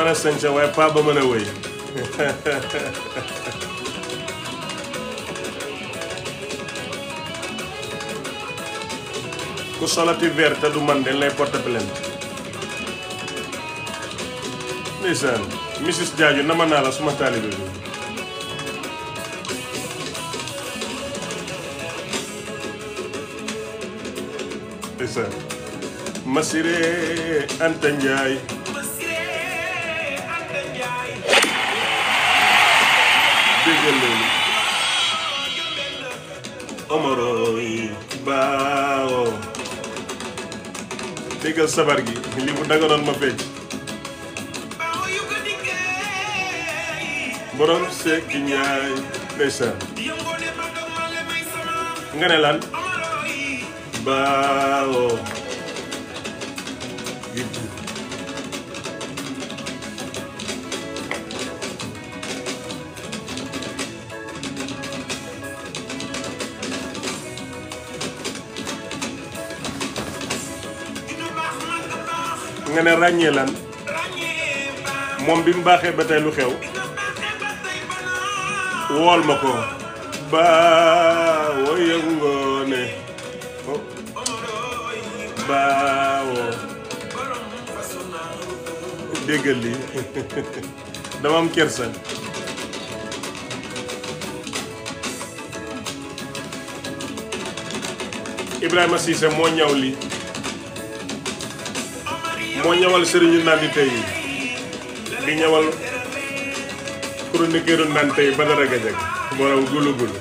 mën a sañse waaye pa ba mën a wéy ku solati vert te du man dañ lay porte plainte ndeysaan Mrs Diadio nama naa la suma taalibe bi ndeysaan Masiré Anta Ndiaye gelelu omoro yi baawo déggal sabar gi li bu daganoon ma fecc borom sekki ñaay ndeysaan nga ne lan baawo nga ne moom bi mu baaxee ba tey lu xew wool ma ko ba woyag ngoone baawoo déggal li dama am kersa Ibrahima Cissé moo ñaw li moo ñawal sëriñu nandite yi di ñëwal chroniqueuru nandite yi ba dara gajag borom gulu gulu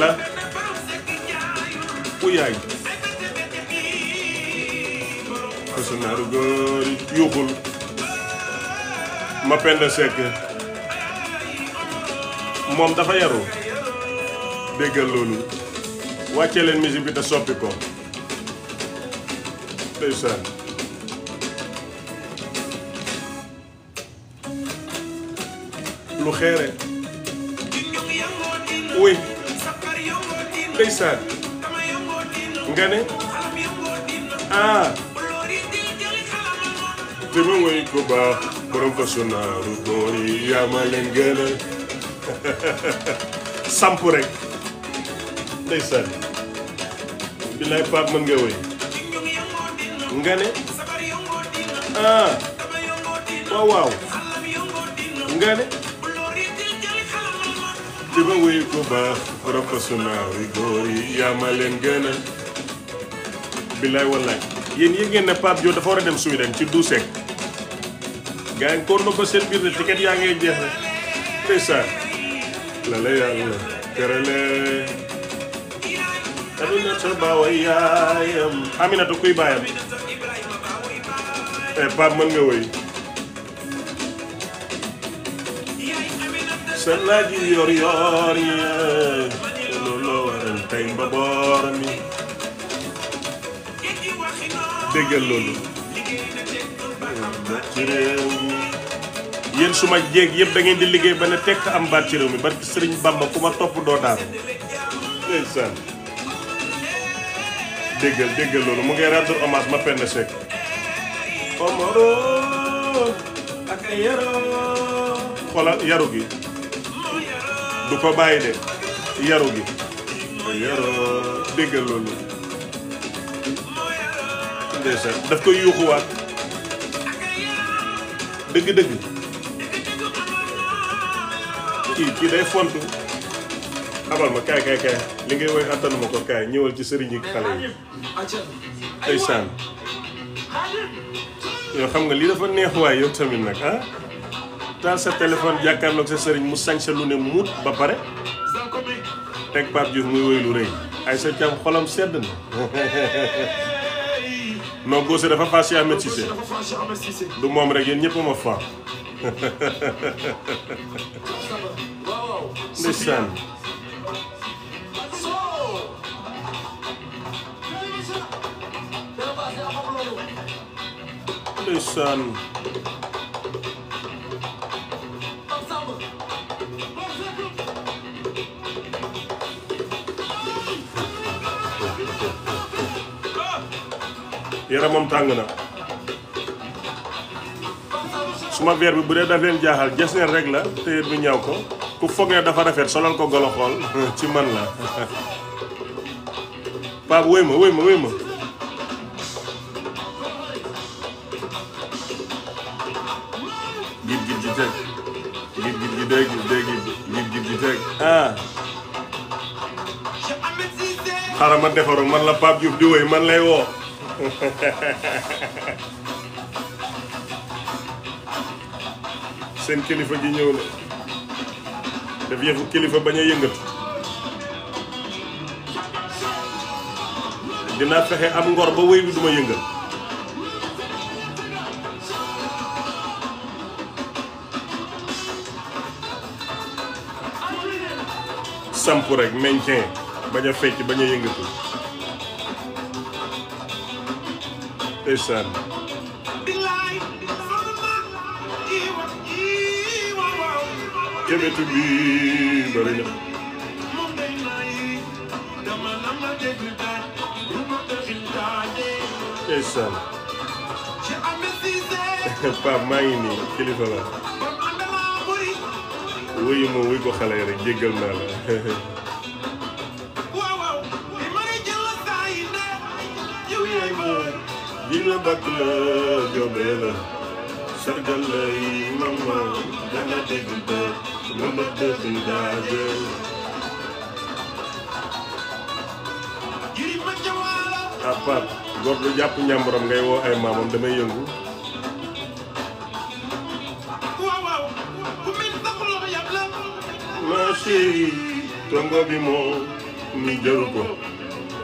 la uyaay ma pend sekk moom dafa yaru déggal loolu wàccee leen musique bi te soppi ko ndeysaan lu xeere oui ndeysaan nga ne ah te ma woy ko baax borom façon naaru leen gënal billaay Pape mën nga woy nga ne ah waaw oh, waaw nga ne di ma woy ko baax professionnel yi góor yi yaa gën a billaay wallaay yéen yëg ne Pape Diop dafa war a dem Sweden ci douze sec gaa ngi koon ba seen biir ne ticket yaa ngay jeex rek ndeysaan la la yàlla terale Saminata ba way yaayam kuy baayam eh Pape mën nga woy sa laaj yu yor yor ya looloo loolu baat ci réew mi su ma jéeg yëpp da ngeen di liggéey ba ne tekk am baat ci réew mi barki sëriñ Bamba ku ma topp doo daal déggal déggal loolu mu ngi rendre hommage ma penn Seck omoro ak yaro xoolal yaru gi du ko bàyyi de yaru gi yaro déggal loolu ndeysaan daf koy yuuxuwaat dëgg-dëgg kii kii day fontu abal ma kaay kaay kaay li ngay woy attanu ko kaay ñëwal ci sëriñ yi xale yi ay saan yow xam nga li dafa neex waaye yow tamit nag ah taal sa téléphone jàkkaarloog sa sëriñ mu sañ sa lu ne muut ba pare teg Pape Diouf muy woy lu rëy ay sa cam xolam sedd na non Gose dafa faa si Ahmed Cissé moom rek yéen ñëpp ma faa ndeysaan listen. Um, yaramam tàng na suma veer bi bu dee daf leen jaaxal jas neen rek la téyet bi ñaw ko ku foog ne dafa rafet solal ko golo ci man la Pape wéy ma wéy ma wéy ma gidecek. Git git gidek gidek git git git gidek. ah. xaaral ma defaru man la Pape Diouf di wéy man lay woo. seen kilifa gi ñëw na. daf yëfu kilifa bañ a yëngatu. dinaa fexe am ngor ba wéy bi duma yëngal. samp rek maintien bañ a fecc bañ a yëngatu ndeysaan jëmetu bi bëri na ndeysaan Pape maa ngi nii kilifa wuyu ma wuy ko xale rek jéggal naa la di la bàkk la joobee la sargal lay mama danga dégg ba mama dëgg daa jël à part góor lu jàpp ñàmburam ngay woo ay maamam damay yëngu si tongo bi moom mi jaru ko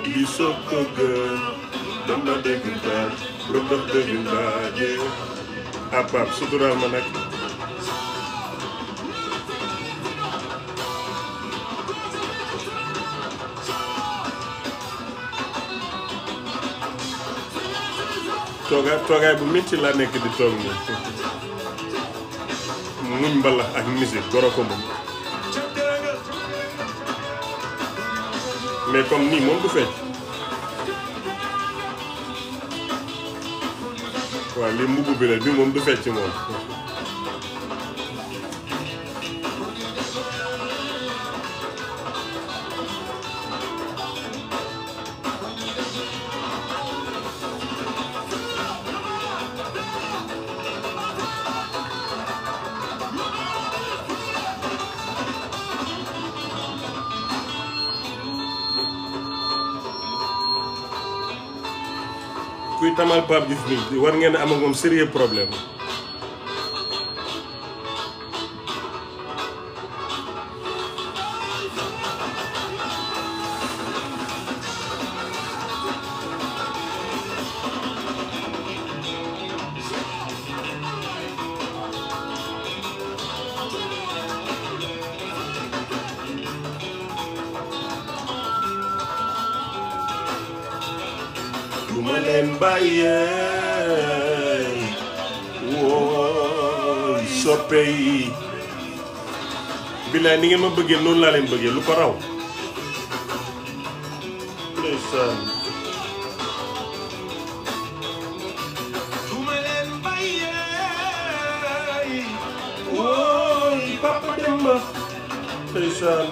li ah, bu métti laa nekk di toog nii muñ mbalax ak musique goro ko moom mais comme nii moom du fecc waaw lii mbubb bi la bi moom du fecc moom amal Pape Diouf bi war ngeen am ak moom sérieux problème bàyyee wooy soppe yi bilaay ni ngeen ma bëggee noonu laa leen bëggee lu ko raw ndeysaan duma leen bàyyee wooy Papa Demba ndeysaan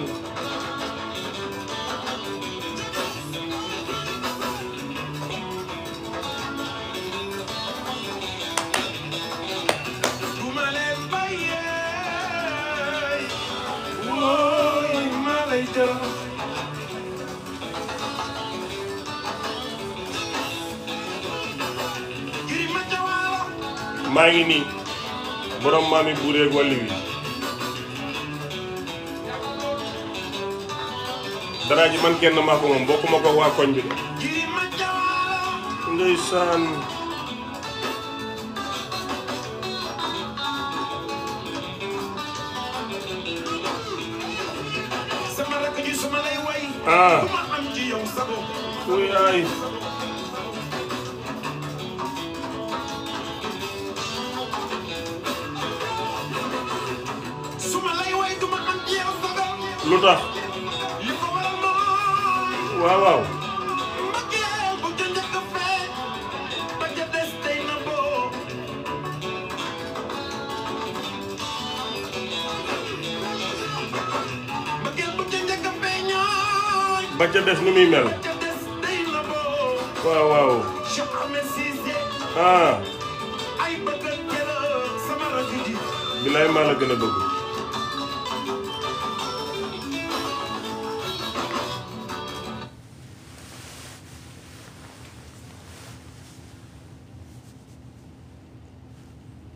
maa ngi nii borom maami buureeg wàlli wi dara ji man kenn maa ko moom bokkuma ko waa koñ bi de ndeysaan ca des nu muy mel waaw waaw ah bilaay maa gën a bëgg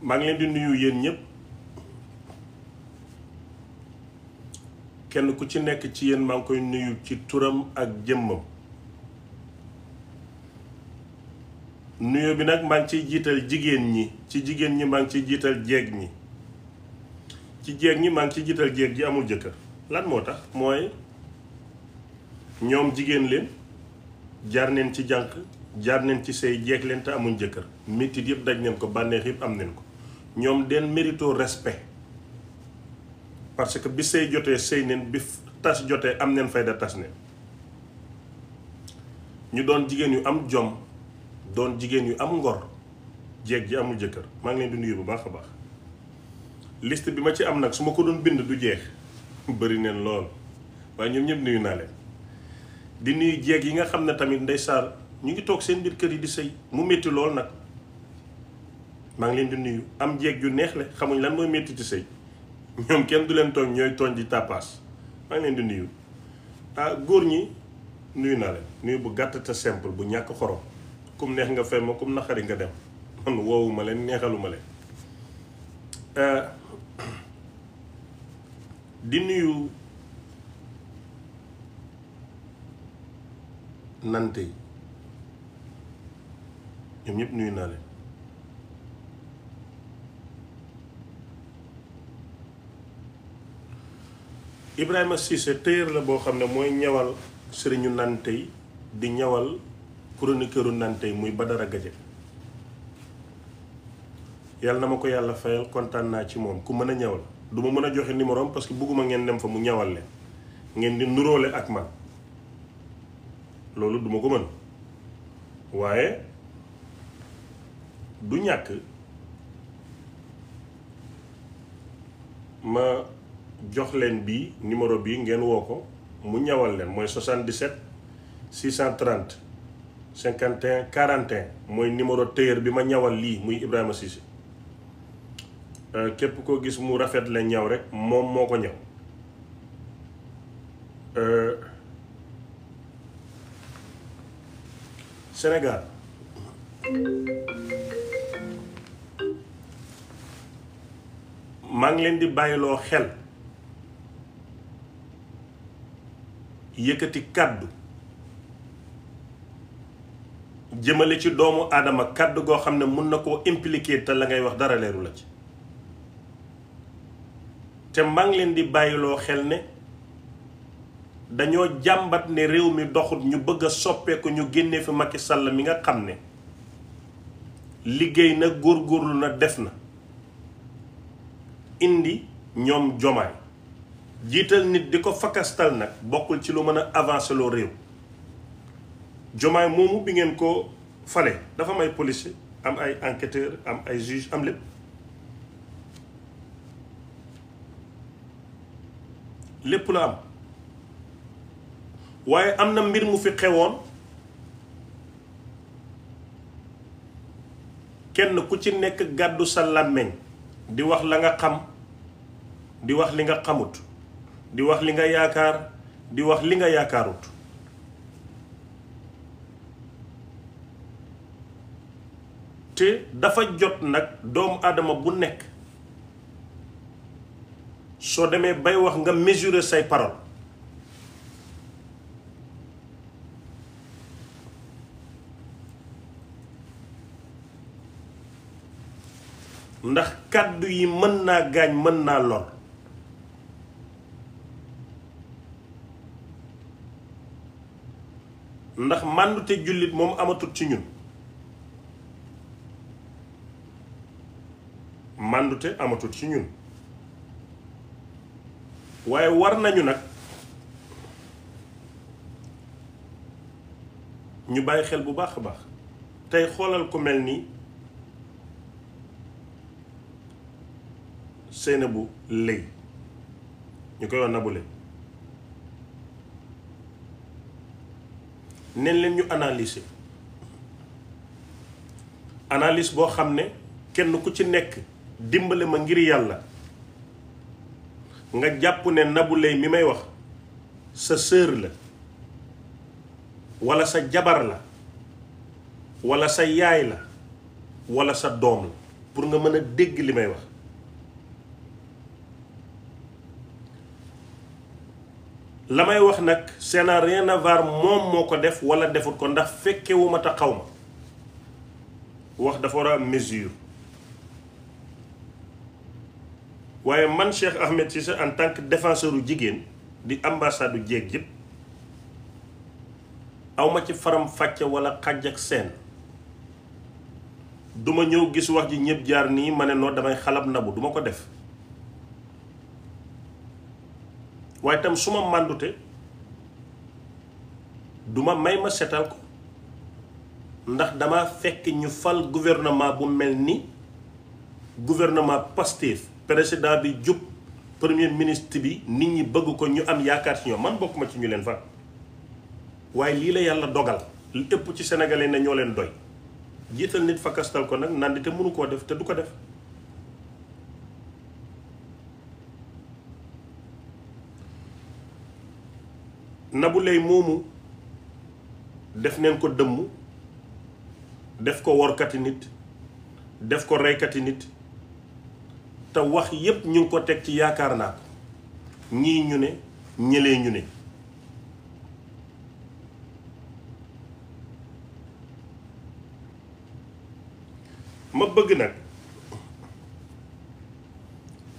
maa ngi leen di nuyu yéen ñëpp kenn ku ci nekk ci yéen maa koy nuyu ci turam ak jëmmam nuyu bi nag maa ngi ciy jiital jigéen ñi ci jigéen ñi maa ngi ciy jiital jeeg ñi ci jeeg ñi maa ngi ciy jiital jeeg ji amul jëkkër lan moo tax mooy ñoom jigéen leen jaar neen ci jànq jaar neen ci sëy jeeg leen te amuñ jëkkër métit yëpp daj neen ko bànneex yëpp am neen ko ñoom den mérito respe parce que bi sëy jotee sëy neen bi tas jotee am neen fayda tas neen ñu doon jigéen yu am jom doon jigéen yu am ngor jeeg ji amul jëkkër maa ngi leen di nuyu bu baax a bi ma ci am nag su ma ko doon bind du jeex bëri neen lool waaye ñoom nuyu naa di nuyu jeeg yi nga xam ne tamit ndeysaan ñu ngi toog seen biir kër yi di sëy mu métti lool nag maa ngi leen di nuyu am jeeg ju neex la xamuñ lan mooy métti ci sëy ñoom kenn du leen tooñ ñooy tooñ di tàppaas maa ngi leen di nuyu ah góor ñi nuyu naa leen nuyu bu gàtt te simple bu ñàkk xorom kum neex nga fay ma kum naqari nga dem man woowuma leen neexaluma leen euh, di nuyu nante yi ñoom ñëpp nuyu naa leen Ibrahima Cissé téyër la boo xam ne mooy ñawal sëriñu Nantey di ñawal chroniqueuru Nantey muy Badara Gaje yàlla na ma ko yàlla fayal kontaan naa ci moom ku mën a ñawal du ma mën a joxe numéro am parce que bugguma ngeen dem fa mu ñawal leen ngeen di nuroole ak man loolu duma ko mën waaye du ñàkk ma joxleen bii numéro bii ngeen woo ko mu ñawal leen mooy 77 630 51 41 mooy numéro téyër bi ma ñawal lii muy Ibrahima Cissé euh, képp koo gis mu rafet la ñaw rek moom moo ko ñaw euh, Sénégal maa ngi leen di bàyyiloo xel yëkkati kàddu jëmale ci doomu aadama kàddu goo xam ne mën na koo impliquer te la ngay wax dara leeru la ci te maa leen di bàyyiloo xel ne dañoo jàmbat ne réew mi doxut ñu bëgg a soppeeku ñu génnee fi Macky Sall mi nga xam ne liggéey na góorgóorlu na def na indi ñoom jomaay jiital nit di ko fakastal nag bokkul ci lu mën a avancer loo réew jomaay moomu bi ngeen ko fale dafa may ay am ay enquêteur am ay juge am lépp lépp la am waaye am na mbir mu fi xewoon kenn ku ci nekk gàddu sa làmmiñ di wax la nga xam di wax li nga xamut di wax li nga yaakaar di wax li nga yaakaarut te dafa jot nag doomu aadama bu nekk soo demee bay wax nga mesurer say parole ndax kàddu yi mën naa gaañ mën naa lor ndax màndute jullit moom amatut ci ñun màndute amatut ci ñun waaye war nañu nag ñu bàyyi xel bu baax a baax tey xoolal ku mel ni bu Leye ñu koy wax Nabou Leye neen leen ñu analyser analyse boo xam ne kenn ku ci nekk dimbale ma ngir yàlla nga jàpp ne Nabou Leye mi may wax sa sœur la wala sa jabar la wala sa yaay la wala sa doom la pour nga mën a dégg li may wax la may wax nag c'est na rien moom moo ko def wala defut ko ndax fekkewu ma ta xaw ma wax dafa war a mesure waaye man Cheikh Ahmed Cissé en tant que défenseur u jigéen di ambassade u jéeg yëpp awma ci faram fàcce wala xaj ak seen duma ñëw gis wax ji ñëpp jaar nii ma ne noo damay xalab nabu duma ko def waaye tam su ma màndute duma may ma setal ko ndax dama fekk ñu fal gouvernement bu mel ni gouvernement Pastef président bi jub premier ministre bi nit ñi bëgg ko ñu am yaakaar ci ñoom man bokk ma ci ñu leen fa waaye lii la yàlla dogal li ëpp ci sénégalais ne ñoo leen doy jiital nit fakastal ko nag te mënu koo def te du ko def Nabou Leye moomu def neen ko dëmm def ko workati nit def ko reykati nit te wax yépp ñu ngi ko teg ci yaakaar naa ko ñii ñu ne ñëlee ñu ne ma bëgg nag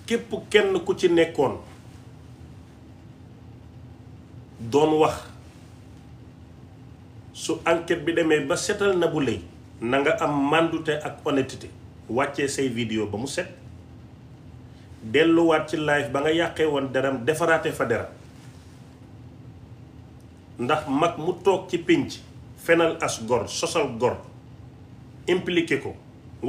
képp kenn ku ci nekkoon doon wax su enquête bi demee ba setal na bu lay na nga am mandute ak honnêteté wàccee say vidéo ba mu set delluwaat ci live ba nga yàqee woon deram defaraate fa deram ndax mag mu toog ci pénc fenal as gor sosal gor impliqué ko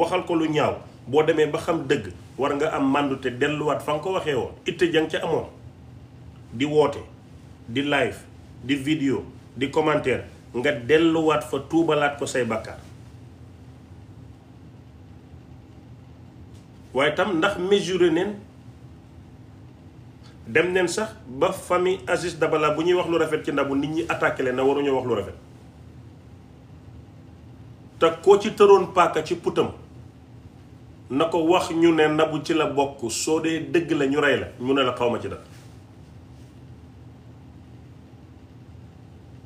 waxal ko lu ñaaw boo demee ba xam dëgg war nga am mandute delluwaat fa nga ko waxee woon itte jang ca amoon di woote di live di vidéo di commentaire nga delluwaat fa tuubalaat ko say bakkaar waaye tam ndax mesurer neen dem neen sax ba famille Aziz balaa bu ñuy wax lu rafet ci ndabu nit ñi attaqué leen waru ñu wax lu rafet te koo ci tëroon paaka ci putam na ko wax ñu ne nabu ci la bokk soo dee dëgg la ñu rey la mu ne la xawma ci dara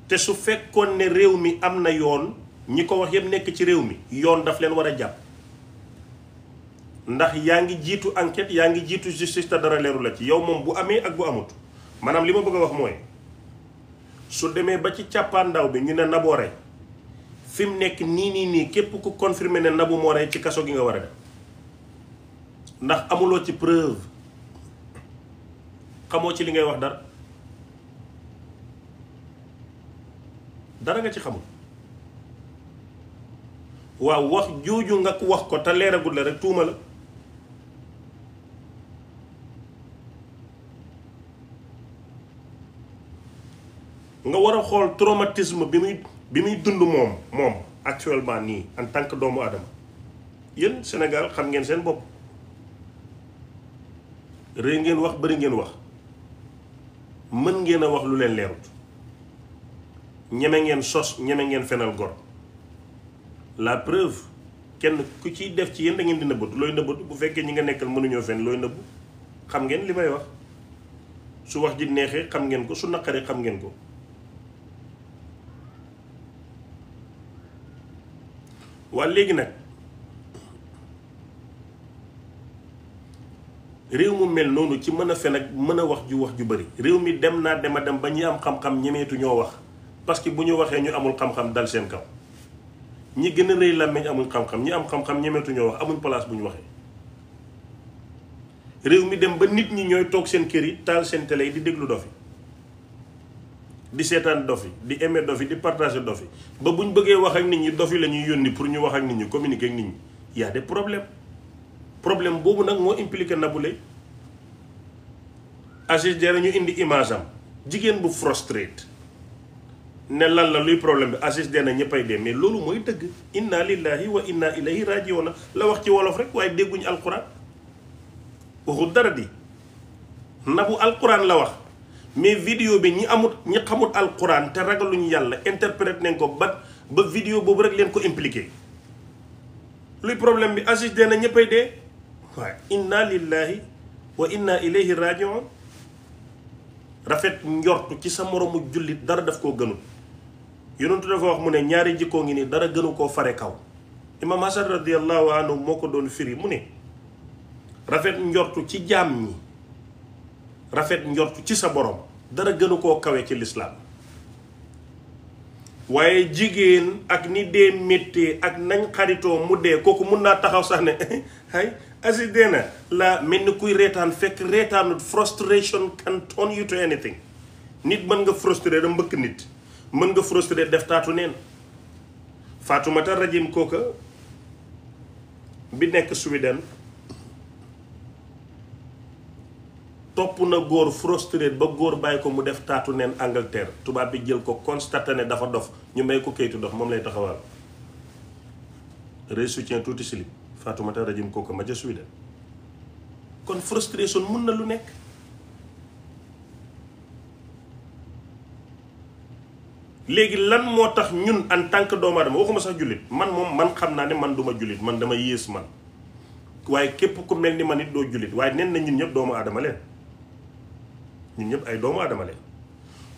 te su fekkoon ne réew mi am na yoon ñi ko wax yépp nekk ci réew mi yoon daf leen war a jàpp ndax yaa ngi jiitu enquête yaa ngi jiitu justice te dara leeru la ci yow moom bu amee ak bu amut maanaam li ma bëgg a wax mooy su demee ba ci càppaandaw bi ñu ne naboo rey fi mu nekk nii nii nii képp ku confirmer ne nabu moo rey ci kaso gi nga war a dem ndax amuloo ci preuve xamoo ci li ngay wax dara dara nga ci xamul waaw wax jooju nga wax ko te leeragul la rek tuuma la nga war a xool traumatisme bi muy bi muy dund moom moom actuellement nii en tant que doomu aadama yéen Sénégal xam ngeen seen bopp rëy ngeen wax bari ngeen wax mën ngeen a wax lu leen leerut ñeme ngeen sos ñeme ngeen fenal gor la preuve kenn ku ciy def ci yéen da ngeen di nëbbatu looy nëbbatu bu fekkee ñi nga nekkal mënuñoo fen looy nëbbu xam ngeen li may wax su wax ji neexee xam ngeen ko su naqaree xam ngeen ko waa léegi nag réew mu mel noonu ci mën a fen ak mën a wax ju wax ju bari réew mi dem naa dem a dem ba ñu am xam-xam ñemeetu ñoo wax parce que bu ñu waxee ñu amul xam-xam dal seen kaw ñi gën a rëy làmmiñ amul xam-xam ñi am xam-xam ñemetuñoo wax amul place bu ñu waxee réew mi dem ba nit ñi ñooy toog seen kër yi taal seen télé yi di déglu dofi di seetaan dof di aimer dof yi di partager dof yi ba bu ñu bëggee wax ak nit ñi dof yi la ñuy yónni pour ñu wax ak nit ñi communiquer ak nit ñi y a des problèmes problème boobu nag moo impliqué Nabou Leye Aziz Diarra ñu indi image am jigéen bu frustrée ne lan la luy problème bi Aziz na ñëppay dee mais loolu mooy dëgg inna lillahi wa inna ilayhi rajiuna la wax ci wolof rek waaye dégguñu alquran waxul dara di nabu alquran la wax mais vidéo bi ñi amut ñi xamut alquran te ragaluñu yàlla interprète nañ ko ba ba vidéo boobu rek leen ko impliqué luy problème bi Aziz na ñëppay dee waaye inna wa inna ilayhi rajiun rafet njort ci sa moroomu jullit dara def koo gënul yonentu dafa wax mu ne ñaari jikkoo ngi ni dara gënu koo fare kaw imam hasan radiallahu anhu moo ko doon firi mu ne rafet njortu ci jaam ñi rafet njortu ci sa borom dara gënu koo kawe ci lislaam waaye jigéen ak ni dee méttee ak nañ xaritoo mu dee kooku mun naa taxaw sax ne ay asi dee na la mel ni kuy reetaan fekk reetaanut frustration can you to anything nit mën nga frustré da mbëkk nit mën nga frustré def taatu neen Fatoumata Rajim Koka bi nekk Sweden topp na góor frustré ba góor bàyyi ko mu def taatu neen Angleterre tubaab bi jël ko constaté ne dafa dof ñu may ko kayitu dof moom lay taxawal re tuuti silib Fatoumata Rajim Koka ma ja Sweden kon frustré mun na lu nekk léegi lan moo tax ñun en tant que doomu aadama waxuma sax jullit man moom man xam naa ne man duma jullit man dama yées man waaye képp ku mel ni man it doo jullit waaye nen na ñun ñëpp doomu aadama leen ñun ñëpp ay doomu aadama leen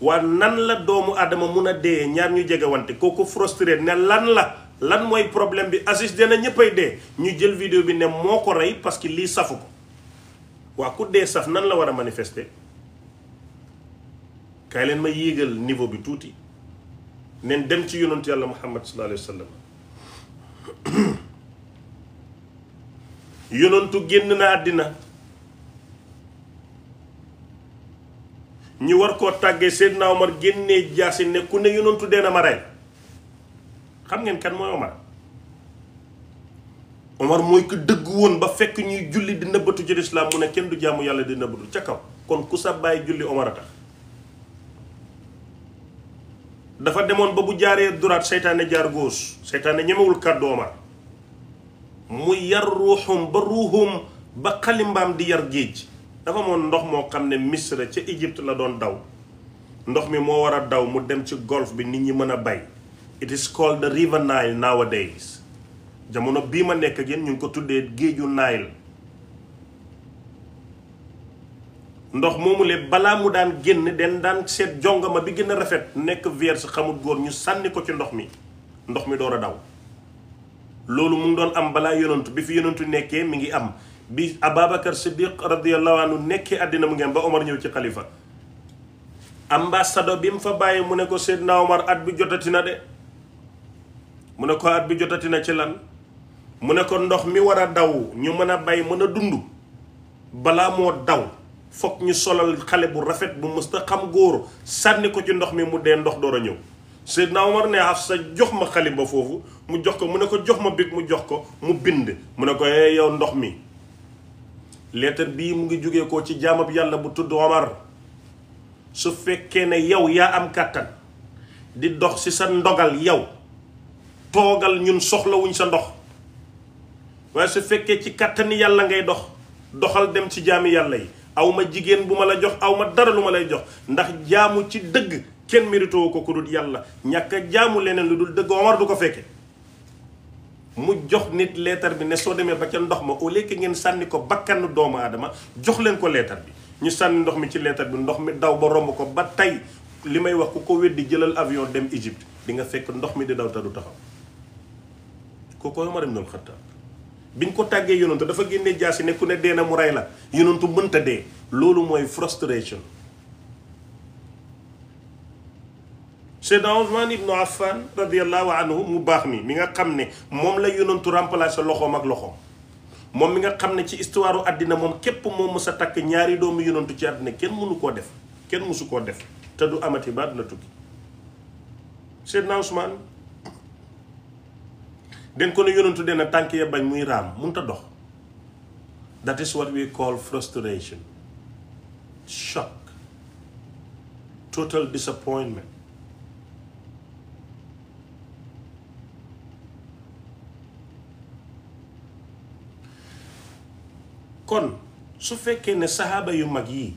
waa nan la doomu aadama mun a dee ñaar ñu jege wante kooku frustré ne lan la lan mooy problème bi Aziz dana ñëppay dee ñu jël vidéo bi ne moo ko rey parce que lii safu ko waa ku dee saf nan la war a manifester kaay leen ma yéegal niveau bi tuuti neen dem ci yonantu yàlla muhammad sallallahu alayhi wa sallam yonantu génn na àddina ñu war koo tàggee Seydina Omar génnee jaasi ne ku ne yonantu dee na ma rey xam ngeen kan mooy Omar Omar mooy ko dëggu woon ba fekk ñuy julli di nëbbatu ci mu ne kenn du jaamu yàlla di nëbbatu ca kaw kon ku sa bàyyi julli Omar a tax dafa demoon ba bu jaaree duraat seytaane jaar góos seytaane ñemewul kàddu mu yar ruuxum ba ruuxum ba xalimbaam di yar géej dafa moon ndox moo xam ne Misra ca Égypte la doon daw ndox mi moo war a daw mu dem ci golf bi nit ñi mën a bay it is called the river Nile nowadays jamono bii ma nekk ak ñu ngi ko tuddee géeju Nile ndox moomu le balaa mu daan génn den daan seet jongama bi gën rafet nekk vierge xamut góor ñu sànni ko ci ndox mi ndox mi door a daw loolu mu ngi doon am balaa yonantu bi fi yonantu nekkee mi ngi am bi Ababacar Siddiq radiyallahu anhu nekkee àddina mu ngeen ba Omar ñëw ci xalifa ambassado bi mu fa bàyyi mu ne ko Seydina Omar at bi jotati na de mu ne ko at bi jotati na ci lan mu ne ko ndox mi war a daw ñu mën a bay mën a dund balaa moo daw foog ñu solal xale bu rafet bu mësta xam góor sànni ko ci ndox mi mu dee ndox door a ñëw Seydina Omar ne sa jox ma xalimba foofu mu jox ko mu ne ko jox ma big mu jox ko mu bind mu ne ko eh yow ndox mi leetar bii mu ngi jógee ko ci jaamab yàlla bu tudd Omar su fekkee ne yow yaa am kàttan di dox ci sa ndogal yow toogal ñun soxlawuñ sa ndox waaye su fekkee ci kàttan yàlla ngay dox doxal dem ci jaami yàlla yi aw ma jigéen bu ma la jox aw ma dara lu ma lay jox ndax jaamu ci dëgg kenn méritoo ko ku dul yàlla ñàkk a jaamu leneen lu dul dëgg Omar du ko fekke mu jox nit leetar bi ne soo demee ba ca ndox ma au lieu ngeen sànni ko bakkanu doomu aadama jox leen ko leetar bi ñu sànni ndox mi ci leetar bi ndox mi daw ba romb ko ba tey li may wax ku ko weddi jëlal avion dem Égypte di nga fekk ndox mi di daw te du taxaw kooku Omar ibn al Khattab biñ ko tàggee yonantu dafa génne jaasi ne ku ne dee na mu rey la yonantu mënta dee loolu mooy frustration Seydina Ousmane ibnu Affan radiallahu anhu mu baax mi mi nga xam ne moom la yonantu sa loxoom ak loxoom moom mi nga xam ne ci histoire àddina moom képp moom mës takk ñaari doomu yonantu ci àddina kenn mënu koo def kenn mësu koo def te du amati baat la tukki Seydina Ousmane dañ ko ne yonantu dena tànk ya bañ muy raam munta dox that is what we call frustration shock total disappointment kon su fekkee ne saxaaba yu mag yi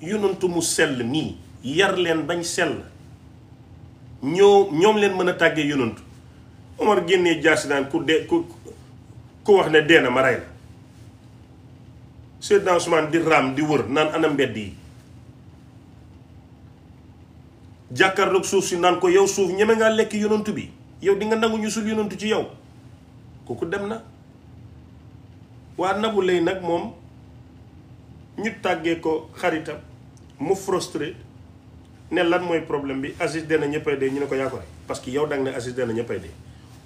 yonantu mu sell nii yar leen bañ sell ñoo ñoom leen mën a tàggee yonantu Omar génnee jaasi daan ku de ku ku wax ne dee na ma rey la Seydina Ousmane di raam di wër naan ana mbedd yi jàkkaarloog suuf si naan ko yow suuf ñeme ngaa lekk yonantu bi yow di nga nangu ñu sul yonantu ci yow kooku dem na waa Nabou Leye nag moom ñu tàggee ko xaritam mu frustré ne lan mooy problème bi Aziz dee na ñëppay de ñu ne ko yaa ko rek parce que yow da nga ne Aziz dee na ñëppay dee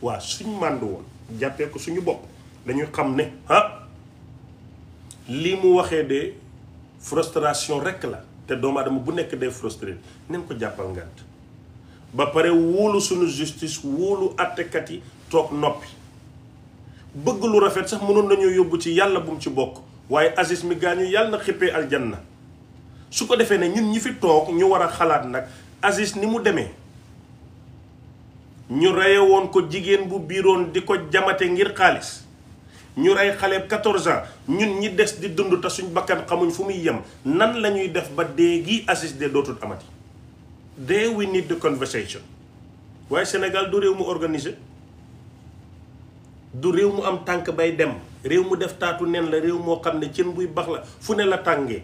waa suñ mànd woon jàppee ko suñu bopp dañuy xam ne ah li mu waxee de frustration rek la te doomu aadama bu nekk dee frustré nen ko jàppal ngant ba pare wóolu suñu justice wóolu àttekat yi toog noppi bëgg lu rafet sax mënoon nañu yóbbu ci yàlla bu mu ci bokk waaye Aziz mi gaañu yàlla na xippee na su ko defee ne ñun ñi fi toog ñu war a xalaat nag Aziz ni mu demee ñu reye woon ko jigéen bu biiroon di ko jamate ngir xaalis ñu rey xale 14 ans ñun ñi des di dund te suñ bakkan xamuñ fu muy yem nan la ñuy def ba dee gi Aziz de dootul amati de we need the conversation waaye senegal du réew mu organisé du réew mu am tànk bay dem réew mu def taatu nen la réew moo xam ne cin buy bax la fu ne la tàngee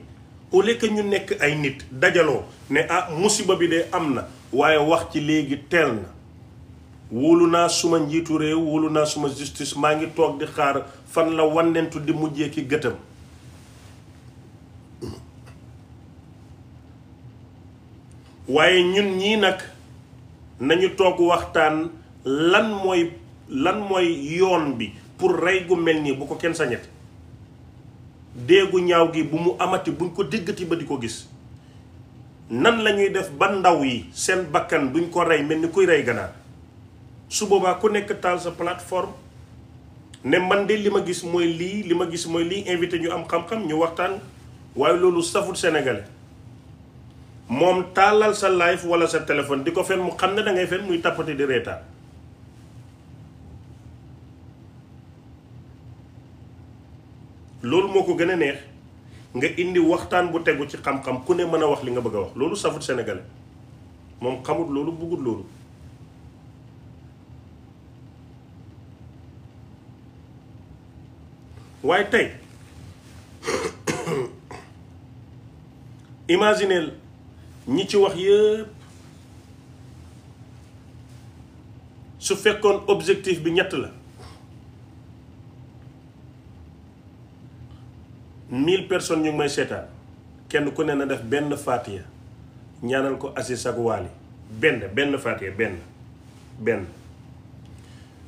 au lieu que ñu nekk ay nit dajaloo ne ah musiba bi de am na waaye wax ci léegi teel na wóolu naa suma njiitu réew wulu naa suma justice maa ngi toog di xaar fan la wannentu di mujjee ki gëtam waaye ñun ñii nag nañu toog waxtaan lan mooy lan mooy yoon bi pour rey gu mel nii bu ko kenn sañet déegu ñaaw gi bu mu amati buñ ko déggati ba di ko gis nan la ñuy def ba ndaw yi seen bakkan buñ ko rey mel ni kuy rey ganaar su boobaa ku nekk taal sa plateforme ne man de li ma gis mooy lii li ma gis mooy lii invité ñu am xam-xam ñu waxtaan waaye loolu safut sénégalais moom taalal sa live wala sa téléphone di ko fen mu xam ne da ngay fen muy tappati di reetaan loolu moo ko gën a neex nga indi waxtaan bu tegu ci xam-xam ku ne mën a wax li nga bëgg a wax loolu safut sénégalais moom xamut loolu bëggut loolu waaye tey imagineel ñi ci wax yëpp su fekkoon objectif bi ñett la mille personnes ñu ngi may seetaan kenn ku ne na def benn faatiya ñaanal ko Aziz ak Waly benn benn faatiya benn benn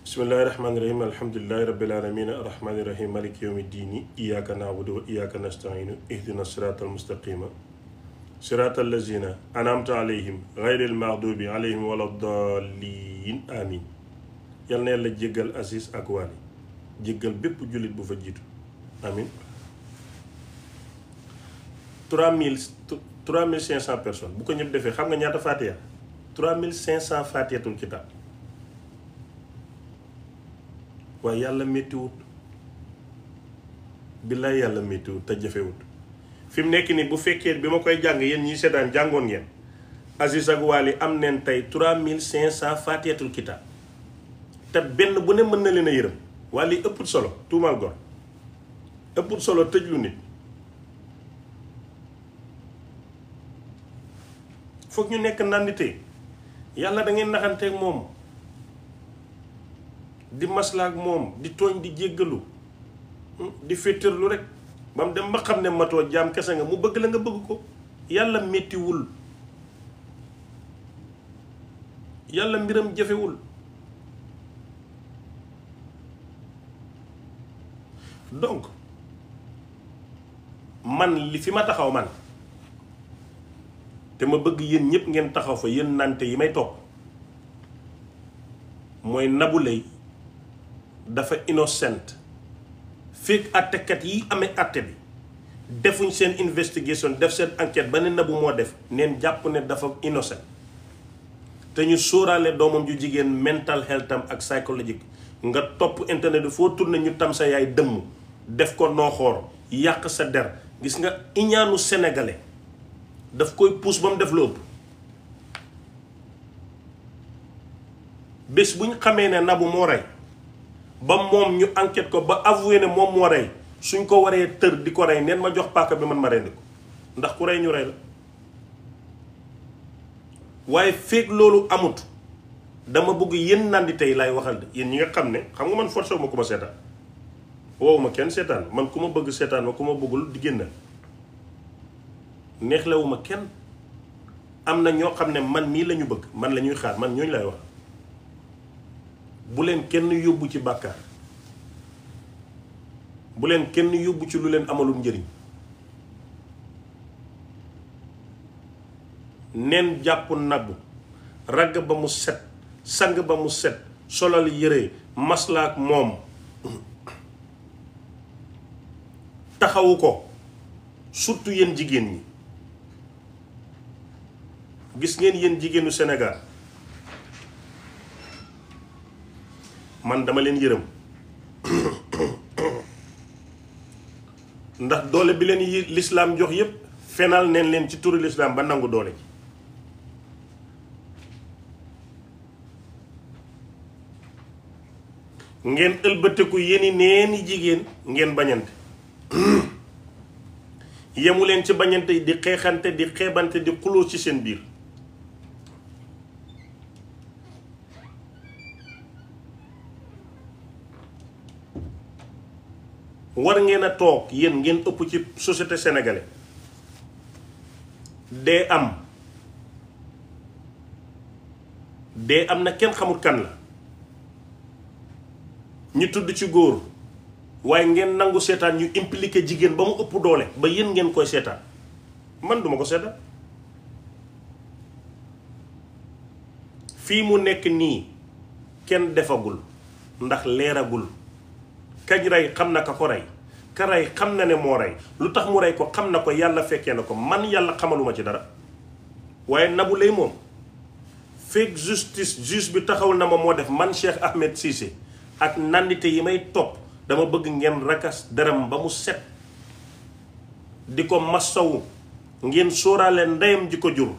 bismillahi rahmaani rahim alhamdulilahi rabbil alamin arrahmaani rahim malik yawmi diini iyyaka na'budu wa iyyaka nasta'inu ihdina sirata almustaqima sirata allazina an'amta alayhim ghayril maghdubi alayhim wala dallin amin yal na yàlla jéggal Aziz ak Waly jéggal bépp jullit bu fa jiitu amin trois mille trois mille cinq cent personnes bu ko ñëpp defee xam nga ñaata fatiha trois mille cinq cent fatihatul kitab waaye yàlla méttiwut billaay yàlla méttiwut te jëfewut fi mu nekk nii bu fekkee bi ma koy jàng yéen ñi seetaan jàngoon ngeen Aziz ak Wali am neen tey trois mille cinq cent fatihatul kitab te benn bu ne mën na leen a yërëm wala li ëpput solo tuumaal gor ëpp solo tëj lu nit foog ñu nekk nandite yàlla da ngeen naxanteeg moom di maslaak moom di tooñ di jéggalu hmm? di féttarlu rekk ba mu dem ba xam ne matoo jaam kese nga mu bëgg la nga bëgg ko yàlla mettiwul yàlla mbiram jafewul donc man li fi ma taxaw man te ma bëgg yéen ñëpp ngeen taxaw fa yéen nante yi may topp mooy Nabou Leye dafa innocent fekk attekat yi amee atte bi defuñ seen investigation def seen enquête ba ne Nabou moo def neen jàpp ne dafa innocent te ñu sóoraale doomam ju jigéen mental health am ak psychologique nga topp internet bi foo tourné ñu tam sa yaay dëmm def ko noo yàq sa der gis nga iñaanu sénégalais daf koy puus ba mu def lu ëpp bés bu ñu xamee ne nabu moo rey ba moom ñu enquête ko ba avoué ne moom moo rey suñ ko waree tër di ko rey neen ma jox paaka bi man ma rendi ko ndax ku rey ñu rey la waaye feeg loolu amut dama bëgg yéen nandi tey laay waxal de yéen ñi nga xam ne xam nga man forcé wu ma ku ma seetaan woowu ma kenn seetaan man ku ma bëgg seetaan ma ku ma bëggul di génn neexlewuma kenn am na ñoo xam ne man mii lañu bëgg man la ñuy xaar man ñooñu lay wax bu leen kenn yóbbu ci bàkkaar bu leen kenn yóbbu ci lu leen amalul njëriñ neen jàpp naggu ragg ba mu set sang ba mu set solal yére maslaak moom taxawu ko surtout yéen jigéen ñi gis ngeen yéen jigéenu Sénégal man dama leen yërëm ndax doole bi leen lislaam jox yépp fenal neen leen ci turu lislaam ba nangu doole ngeen ëlbatiku yéeni neeni jigéen ngeen bañante yemu leen ci bañante di xeexante di xeebante di xuloo ci seen biir war ngeen a toog yéen ngeen ëpp ci société sénégalais dee am dee am na kenn xamul kan la ñu tudd ci góor waaye ngeen nangu seetaan ñu impliqué jigéen ba mu ëpp doole ba yéen ngeen koy seetaan man duma ko seetaan fii mu nekk nii kenn defagul ndax leeragul kañ rey xam na ko ko rey ka rey xam na ne moo rey lu tax mu rey ko xam na ko yàlla fekkee na ko man yàlla xamaluma ci dara waaye Nabou Leye moom fekk justice juge bi taxawul na ma moo def man Cheikh Ahmed Cissé ak nandite yi may topp dama bëgg ngeen rakas deram ba mu set di ko massawu ngeen sóoraale ndeyam ji ko jur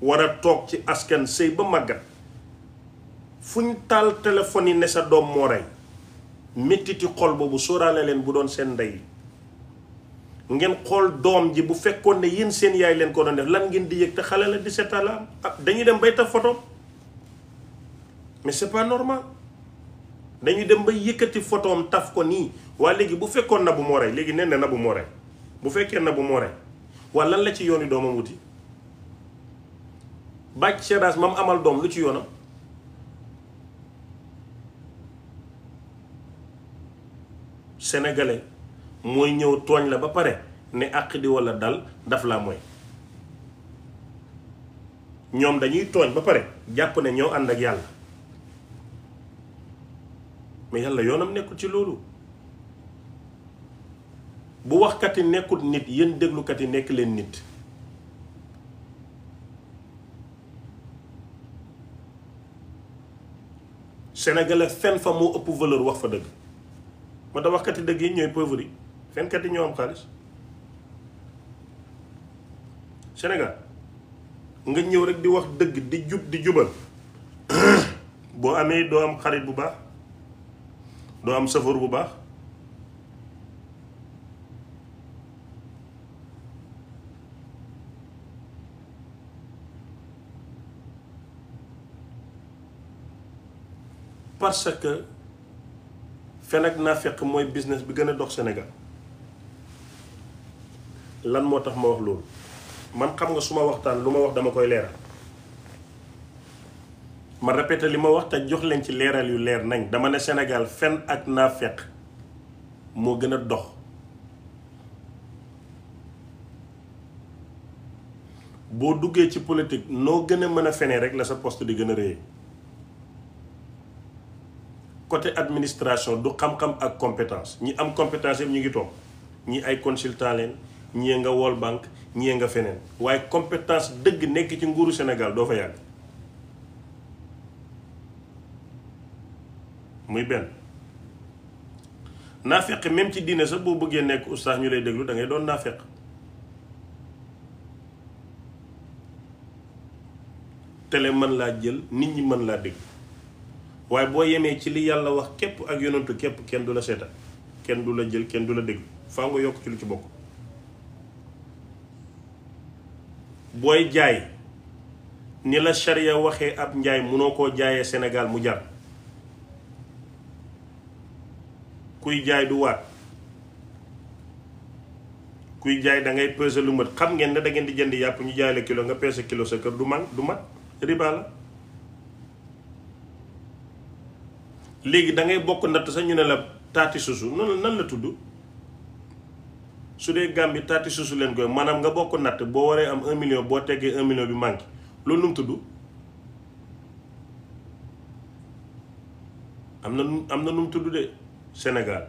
war a toog ci askan sëy ba màggat fu taal téléphone yi ne sa doom moo rey méttiti xol boobu sóoraale leen bu doon seen ndey ngeen xool doom ji bu fekkoon ne yéen seen yaay leen ko doon def lan ngeen di yëg te xale la di seetaan la ah, dañuy dem bay ta photo mais normal dañuy dem bay yëkkati photoom taf ko nii waa léegi bu fekkoon na bu moo léegi nee na bu moo bu fekkee na bu moo rey lan la ci yooni doomam wuti bàcc seeraas mu amal doom lu ci yoonam sénégalais mooy ñëw tooñ la ba pare ne àq di walla dal daf laa mooy ñoom dañuy tooñ ba pare jàpp ne ñëw ànd ak yàlla mais yàlla yoonam nekkul ci loolu bu waxkat yi nekkul nit yéen déglukat yi nekk leen nit sénégalais fen fa moo ëpp valeur wax fa dëgg moo tax waxkati dëgg yi ñooy pauvre yi fenkat yi ñoo am xaalis Sénégal nga ñëw rek di wax dëgg di jub di jubal boo amee doo am xarit bu baax doo am safoor bu baax parce fen ak naafeq mooy business bi gën a dox senegal lan moo tax ma wax loolu man xam nga su ma waxtaan lu ma wax dama koy leeral ma répété li ma wax te jox leen ci leeral yu leer nañ dama ne senegal fen ak naafeq moo gën a dox boo duggee ci politique noo gën a mën a fenee rek la sa post di gën a rëyee côté administration du xam-xam ak compétence ñi am compétence yëpp ñu ngi toog ñi ay consultant leen ñi nga wol Bank ñi nga feneen waaye compétence dëgg nekk ci nguuru Sénégal doo fa yàgg muy benn naa feq même ci diine sax boo bëggee nekk oustaz ñu lay déglu da ngay doon naa feq télé mën laa jël nit ñi mën laa déglu waaye boo yemee ci li yàlla wax képp ak yonantu képp kenn du la seetaan kenn du la jël kenn du la déglu faa nga yokk ci lu ci bokk booy jaay ni la charia waxee ab njaay munoo koo jaayee senegal mu jar kuy jaay du waat kuy jaay da ngay peser lu mat xam ngeen ne da di jënd yàpp ñu jaay kilo nga peser kilo sa kër du man du mat riba léegi da ngay bokk natt sax ñu ne la taati susu noonu nan la tudd su dee gàm bi taati susu leen koy maanaam nga bokk natt boo waree am un million boo teggee un million bi manqué loolu nu mu tudd am na nu na nu mu tudd de Sénégal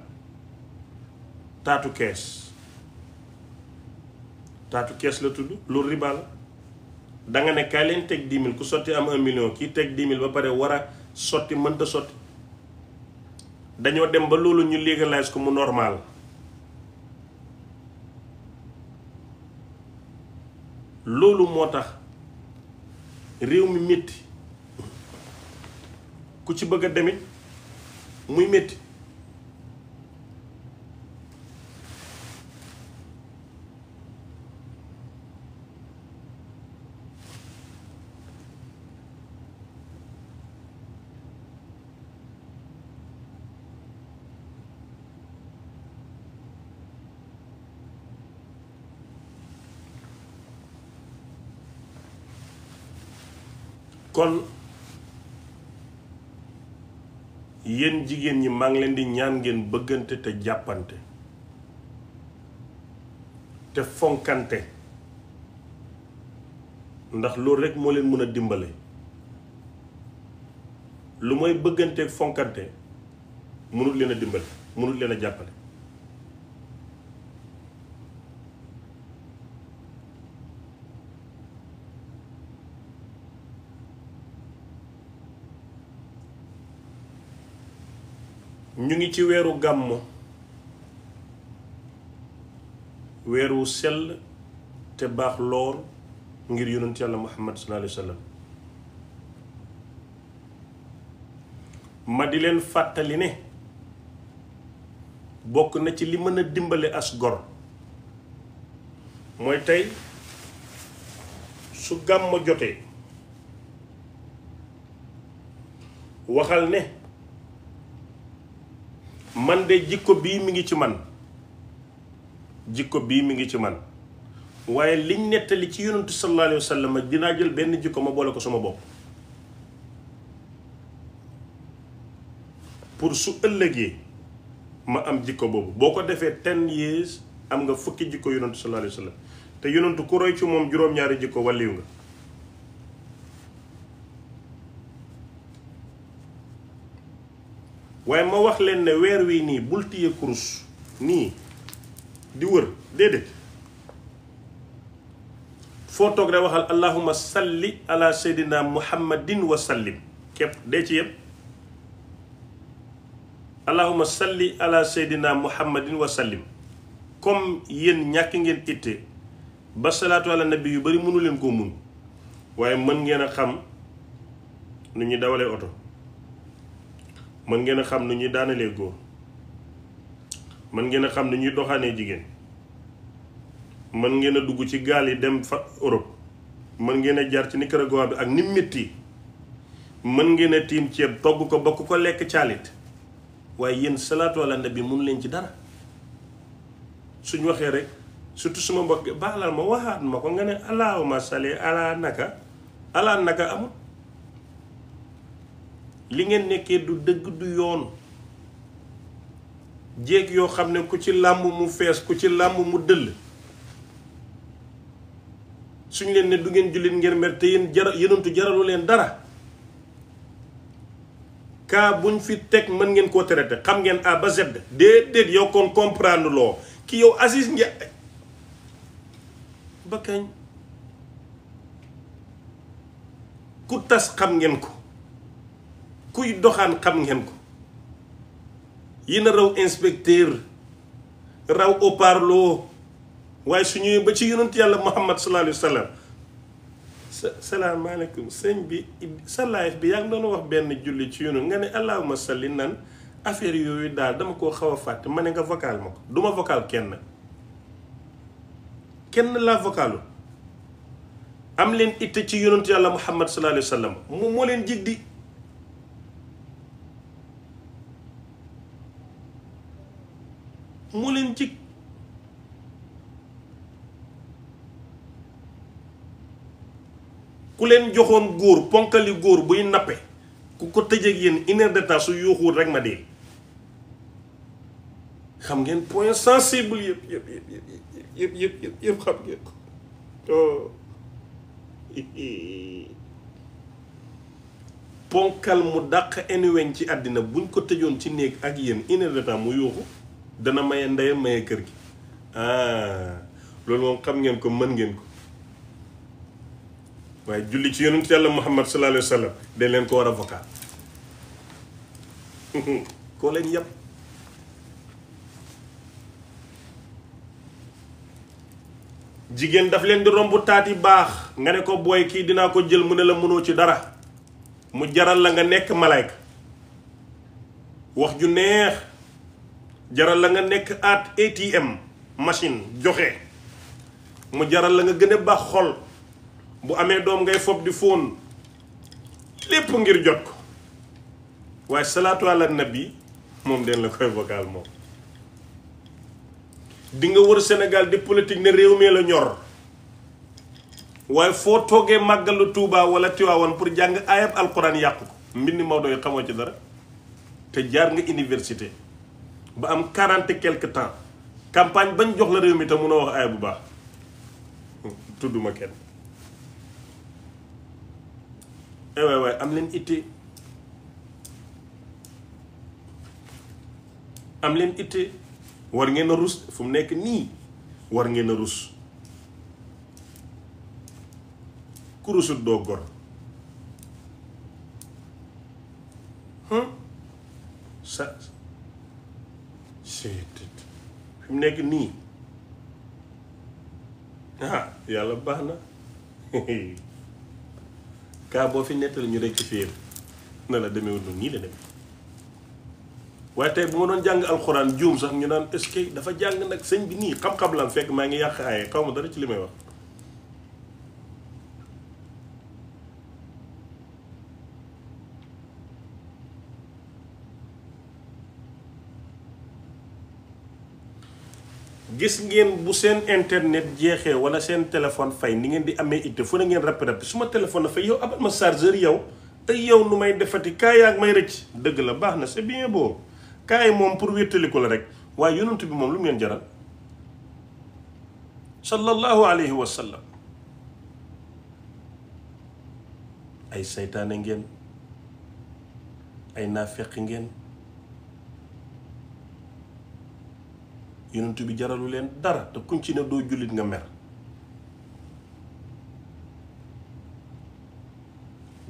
taatu kees taatu kees la tudd loolu riba danga da nga ne leen teg dix mille ku sotti am un million kiy teg dix mille ba pare war a sotti mënta sotti. dañoo dem ba loolu ñu légalise ko mu normal loolu moo tax réew mi métti ku ci bëgg a demit muy métti kon yéen jigéen ñi maa ngi leen di ñaan ngeen bëggante te jàppante te fonkante ndax loolu rekk moo leen mën a dimbale lu mooy bëggante fonkante mënut leen a dimbale mënut leen a jàppale ñu ngi ci weeru gàmmu weeru sell te baax lool ngir yonent yàlla muhammad sallallahu alayhi ma di leen fàttali ne bokk na ci li mën a dimbale as gor mooy tey su gàmm jotee waxal ne man de jikko bii mi ngi ci man jikko bii mi ngi ci man waaye liñ nettali ci yonentu sallallahu alayhi wa dinaa jël benn jikko ma boole ko sama bopp pour su ëllëgee ma am jikko boobu boo ko defee ten years am nga fukki jikko yonentu sallallahu alayhi wa sallam te yonentu ku roy ci moom juróom-ñaari jikko wàlliyu nga waaye ma wax leen ne weer wii nii bul téye kurus nii di wër déedéet foo toog rek waxal allahuma salli ala seydina muhammadin wa sallim képp dee ci yem allahuma salli ala seydina muhammadin wa sallim comme yéen ñàkk ngeen itte ba salaatu ala yu bari mënu leen koo mun waaye mën ngeen a xam nu ñuy dawalee oto mën ngeen a xam nu ñuy daanalee góor mën ngeen a xam nu ñuy doxaanee jigéen mën ngeen a dugg ci gaal yi dem fa Europe mën ngeen a jaar ci Nicaragua bi ak ni metti mën ngeen a tiim ceeb togg ko bokk ko lekk caalit waaye yéen salaatu ala nabi mun leen ci dara suñ waxee rek su surtout suma mbokk baaxalal ma waxaat ma ko nga ne allahumma salli ala naka ala naka amul li ngeen nekkee du dëgg du yoon jéeg yoo xam ne ku ci làmb mu fees ku ci làmb mu dëll suñ leen ne du ngeen jullit ngeen mer te yenn jara yenantu jaralu leen dara kaa buñ fi teg mën ngeen koo traité xam ngeen A ba Z déedéet yow kon loo ki yow Aziz Nja ba ku tas xam ngeen ko kuy doxaan xam ngeen ko yéen a raw inspecteur raw oparloo waaye su ñëwee ba ci yonent yàlla muhammad sallallahu alayhi wa sallam sëñ bi sa live bi yaa ngi doon ci yonent nga ne allahuma salli nan affaire yooyu daal dama koo xaw a fàtte ma ne nga vocal ma ko du ma vocal kenn kenn laa vocalu am leen itte ci yonent yàlla muhammad sallallahu alayhi wa sallam moom moo leen jig di moo leen jig ku leen joxoon góor ponkali góor buy nappe ku ko tëjeeg yéen une de temps su yuuxuwul rek ma dee xam ngeen point yëpp yëpp yëpp yëpp yëpp yëpp oh. ponkal mu dàq anyway ci àddina buñ ko tëjoon ci néeg ak yéen une de temps mu yuuxu dana maye ndeyam maye kër gi ah, loolu moom xam ngeen ko mën ngeen ko waaye julli ci yonent yàlla muhammad sallallahu alayhi wa leen ko war a vocal koo leen yàpp jigéen daf leen di romb taat yi baax nga ne ko booy kii dinaa ko jël mu ne la mënoo ci dara mu jaral la nga nekk malayka wax ju neex jaral la nga nekk at ATM machine joxe mu jaral la nga gën a baax xol bu amee doom ngay fob di fóon lépp ngir jot ko waaye salaatu ala nabi moom den la koy vocal moom di nga wër Sénégal di politique ne réew mi la ñor waaye foo toogee màggalu Touba wala Tiwaawan pour jàng ayab alquran yàqu ko mbind Maodo yi xamoo ci dara te jaar nga université ba am quarante et quelque temps campagne bañ jox la réew mi te mun a wax aaya bu baax tudduma kenn eh am leen ittee am leen ittee war ngeen a rus fu mu nekk nii war ngeen a rus ku rusut doo gor hmm? fi nekk nii ah yàlla baax na kaa boo fi nettali ñu rek ci fiir na la demee woon nii la demee waaye tey bu ma doon jàng alxuraan juum sax ñu naan est-ce que dafa jàng nag sëñ bi nii xam-xam lan fekk maa ngi yàq aaye xaw ma dara ci li may wax gis ngeen bu seen internet jeexee wala seen téléphone fay ni ngeen di amee itte fu ne ngeen rappi rappi su ma téléphone fay yow abal ma chargeur yow ay yow nu may defati kaay may rëcc dëgg la baax na c'est bien beau kaay moom pour wéttaliku la rek waaye yonent bi moom lu mu leen jaral sallallahu alayhi wa ay seytaane ngeen ay naafeq ngeen yonent bi jaralu leen dara te kuñ ci ne doo jullit nga mer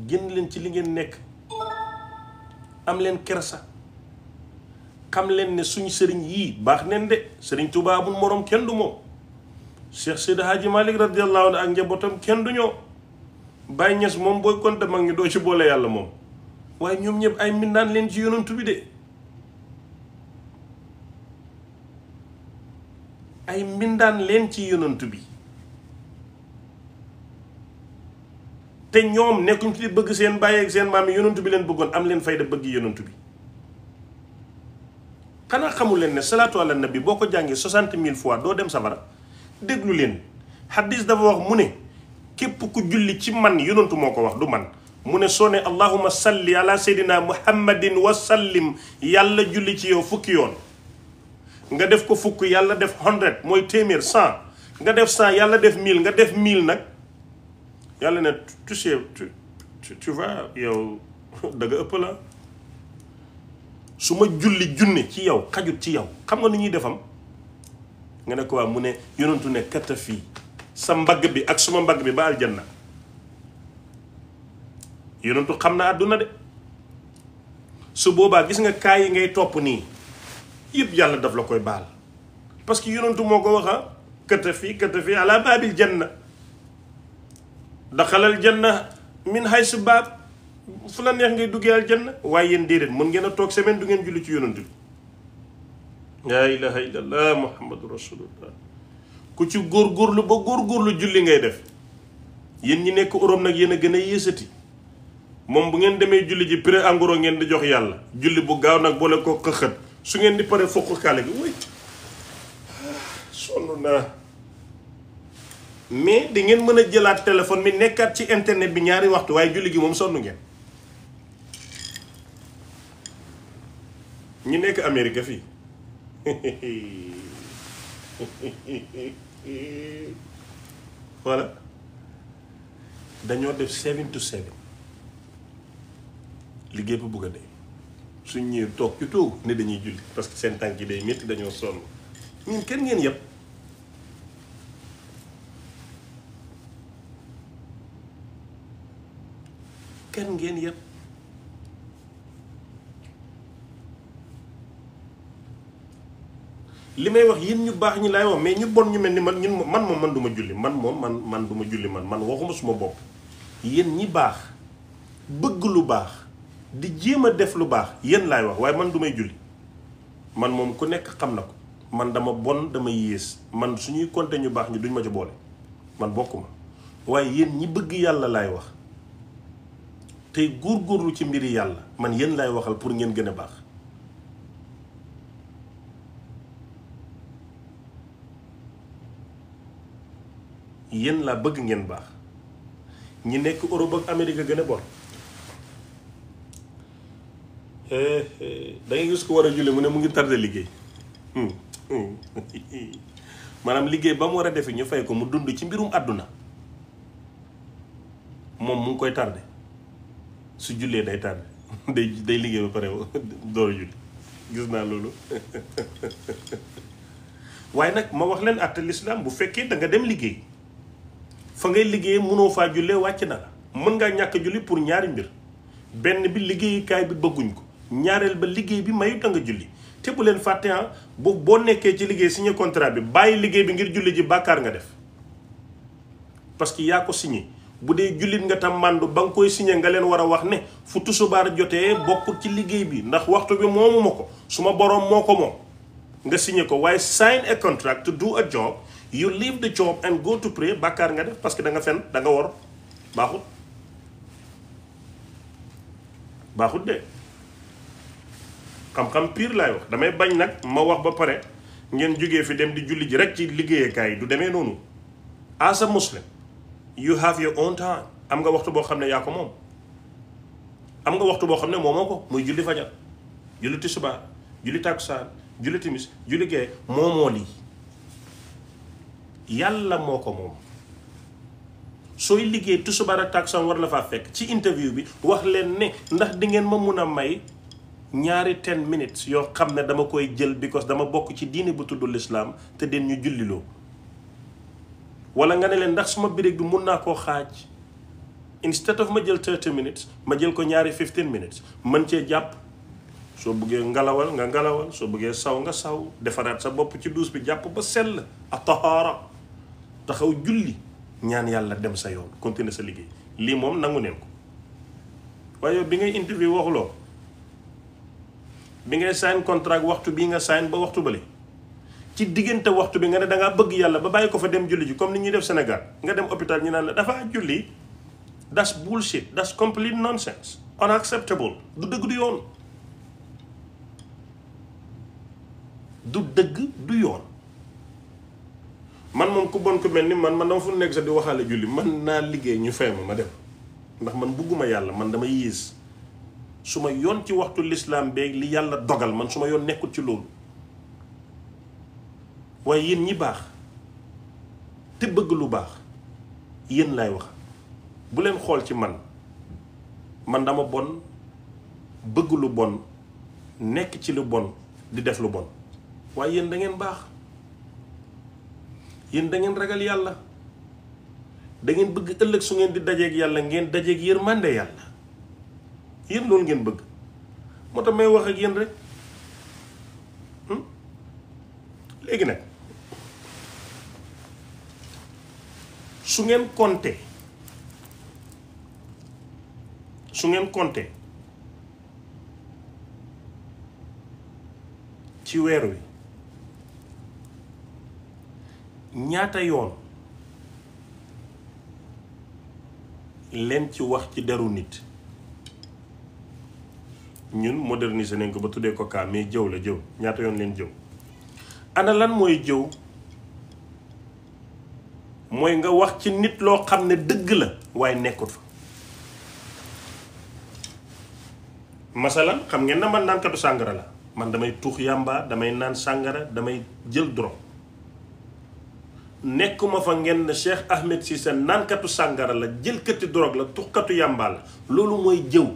génn leen ci li ngeen nekk am leen kersa xam leen ne suñu sëriñ yii baax neen de sëriñ Tuubaa amul moroom kenn du moom Cheikh Seydi Hadji Malick radiyallahu ak njabootam kenn du ñoo Baye Niass moom booy konte mag ñi doo ci boole yàlla moom waaye ñoom ñëpp ay mbindaan leen ci yonent bi de ay mbindaan leen ci yonent bi te ñoom nekkuñ ci bëgg seen bàyyi ak seen maam yi bi leen bëggoon am leen fayda bëgg yonent bi xanaa xamul leen ne salaatu ala nabi boo ko jàngee soixante mille fois doo dem safara déglu leen xaddis dafa wax mu ne képp ku julli ci man yonentu moo ko wax du man mu ne soo ne allahuma salli ala seydina muhammadin wa sallim yàlla julli ci yow fukki yoon nga def ko fukk yàlla def hundred mooy téeméer cent nga def cent yàlla def mille nga def mille nag yàlla ne tu sais tu tu vois yow da nga ëpp la su ma julli junne ci yow xajut ci yow xam nga ni ñuy defam nga ne waa mu ne yonentu ne katta fii sa mbagg bi ak suma mbagg bi ba aljanna yonentu xam na àdduna de su boobaa gis nga kaay yi ngay topp nii yëpp yàlla daf la koy baal parce que yonentu moo ko wax a ah, kata fi kata fi ala baabil jën na janna min haysu baab fu la neex ngay duggee al na waaye yéen déedéet mën ngeen a toog semaine du ngeen julli ci yonent bi laa ilaha illallah muhammadu rasulullah ku ci góorgóorlu ba góorgóorlu julli ngay def yéen ñi nekk Europe nag yéen a gën a yéesati moom bu ngeen demee julli ji pré engrais ngeen di jox yàlla julli bu gaaw nag boole ko xëxët su ngeen di pare fokk kaale gi woy sonn naa mais di ngeen mën a jëlaat téléphone bi nekkaat ci internet bi ñaari waxtu waaye julli gi moom sonn ngeen ñi nekk amerika fii voilà dañoo def seven to seven liggéey bu bugg dee suñ ñëwee toog ci toogu ne dañuy julli parce que seen tànk yi day métti dañoo sonn ñun kenn ngeen yëpp kenn ngeen yëpp li may wax yéen ñu baax ñi laay wax mais ñu bon ñu mel ni man ñun man moom man duma ma julli man moom man man du ma julli man man waxuma suma bopp yéen ñi baax bëgg lu baax di jéem a def lu baax yéen laay wax waaye man dumay may julli man moom ku nekk xam na ko man dama bon dama yées man suñuy compter ñu baax ñi duñ ma ci boole man bokkuma waaye yéen ñi bëgg yàlla laay wax tey góorgóorlu ci mbiri yàlla man yéen laay waxal pour ngeen gën a baax yéen laa bëgg ngeen baax ñi nekk Europe ak Amérique gën a bon da gis ko war a julli mu ne mu ngi tardé liggéey hmm. Hmm. maanaam liggéey ba mu war a defi ñu fay ko mu dund ci mbirum àdduna moom mu ngi koy tardé su jullee day tardé day day liggéey ba pare door julli gis naa loolu waaye nag ma wax leen àtte lislaam bu fekkee da nga dem liggéey fa ngay liggéey mënoo faa jullee wàcc na la mën ngaa ñàkk julli pour ñaari mbir benn bi liggéeyukaay bi bëgguñ ko ñaareel ba liggéey bi mayut a nga julli te bu leen fàtte ah bu boo nekkee ci liggéey signé contrat bi bàyyi liggéey bi ngir julli ji bàkkaar nga def parce que yaa ko signé bu dee jullit nga tam màndu ba nga koy signé nga leen war a wax ne fu tusubaar jotee bokkut ci liggéey bi ndax waxtu bi moomu ma ko suma boroom moo ko moom nga signé ko waaye sign a contract to do a job you leave the job and go to pray bàkkaar nga def parce que da nga fen da nga wor baaxut baaxut xam-xam pire laay wax damay bañ nag ma wax ba pare ngeen jógee fi dem di julli ji rek ci liggéeyekaay yi du demee noonu as a muslim you have your own time am nga waxtu boo xam ne yaa ko moom am nga waxtu boo xam ne moomoo ko muy julli fajar julli tisbaar julli takkusaan julli timis julli gee moomoo lii yàlla moo ko moom sooy liggéey tisbaar ak takkusaan war la faa fekk ci interview bi wax leen ne ndax di ngeen ma mun a may ñaari ten minutes yoo xam ne dama koy jël because dama bokk ci diine bu tudd lislaam te den ñu julliloo wala nga ne leen ndax suma birig bi mun naa koo xaaj instead of ma jël 30 minutes ma jël ko ñaari 15 minutes mën cee jàpp soo bëggee ngalawal nga ngalawal soo bëggee saw nga saw defaraat sa bopp ci duus bi jàpp ba sell a tahaara taxaw julli ñaan yàlla dem sa yoon continuer sa liggéey lii moom nangu neen ko waaye bi ngay interview bi ngay sign contrat waxtu bii nga sign ba waxtu bële ci diggante waxtu bi nga ne dangaa bëgg yàlla ba bàyyi ko fa dem julli ji comme ni ñuy def Sénégal nga dem hôpital ñu naan la dafa julli that's bullshit that's complete nonsense unacceptable du dëgg du yoon du dëgg du man moom ku bon ku mel ni man man dama fu nekk di waxaale julli man naa liggéey ñu fay ma ma dem ndax man bugguma yàlla man dama yiis su ma yoon ci waxtu lislaam beeg li yàlla dogal man su ma yoon nekkul ci loolu waaye yéen ñi baax te bëgg lu baax yéen laay wax bu leen xool ci man man dama bon bëgg lu bon nekk ci lu bon di def lu bon waaye yéen dangeen baax yéen dangeen ragal yàlla dangeen bëgg ëllëg su ngeen di dajeeg yàlla ngeen dajeeg yërmande yàlla yéen loolu ngeen bëgg moo tax may wax ak yéen rek hmm? léegi nag su ngeen compter su ngeen compter ci weer wi ñaata yoon leen ci wax ci deru nit ñun moderniser nañ ko ba tuddee ko kaa mais jëw la jëw ñaata yoon leen jëw ana lan mooy jëw mooy nga wax ci nit loo xam ne dëgg la waaye nekkut fa masalan xam ngeen na man naankatu sàngara la man damay tuux yàmba damay naan sàngara damay jël drogue nekkuma fa ngeen ne Cheikh Ahmed Cissé naankatu sàngara la jël jëlkati drogue la tuxkatu yàmba la loolu mooy jëw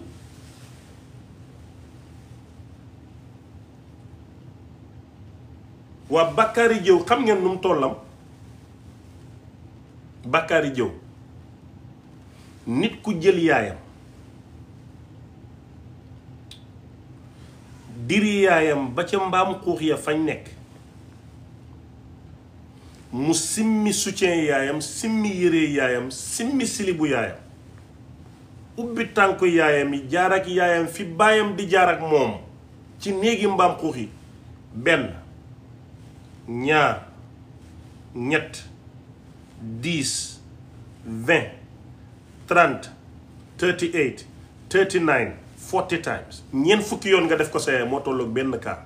waa bàkkaari jëw xam ngeen nu mu tollam bàkkaari jëw nit ku jël yaayam diri yaayam ba ca mbaam xuux ya fañ nekk mu simmi soutien yaayam simmi yére yaayam simmi silibu yaayam ubbi tànk yaayam yi jaar yaayam fi baayam di jaar ak moom ci néegi mbaam xuux yi benn ñaar ñett dix vingt trente thirty eight thirty nine forty times ñeent fukki yoon nga def ko sa yaay moo tolloog benn cas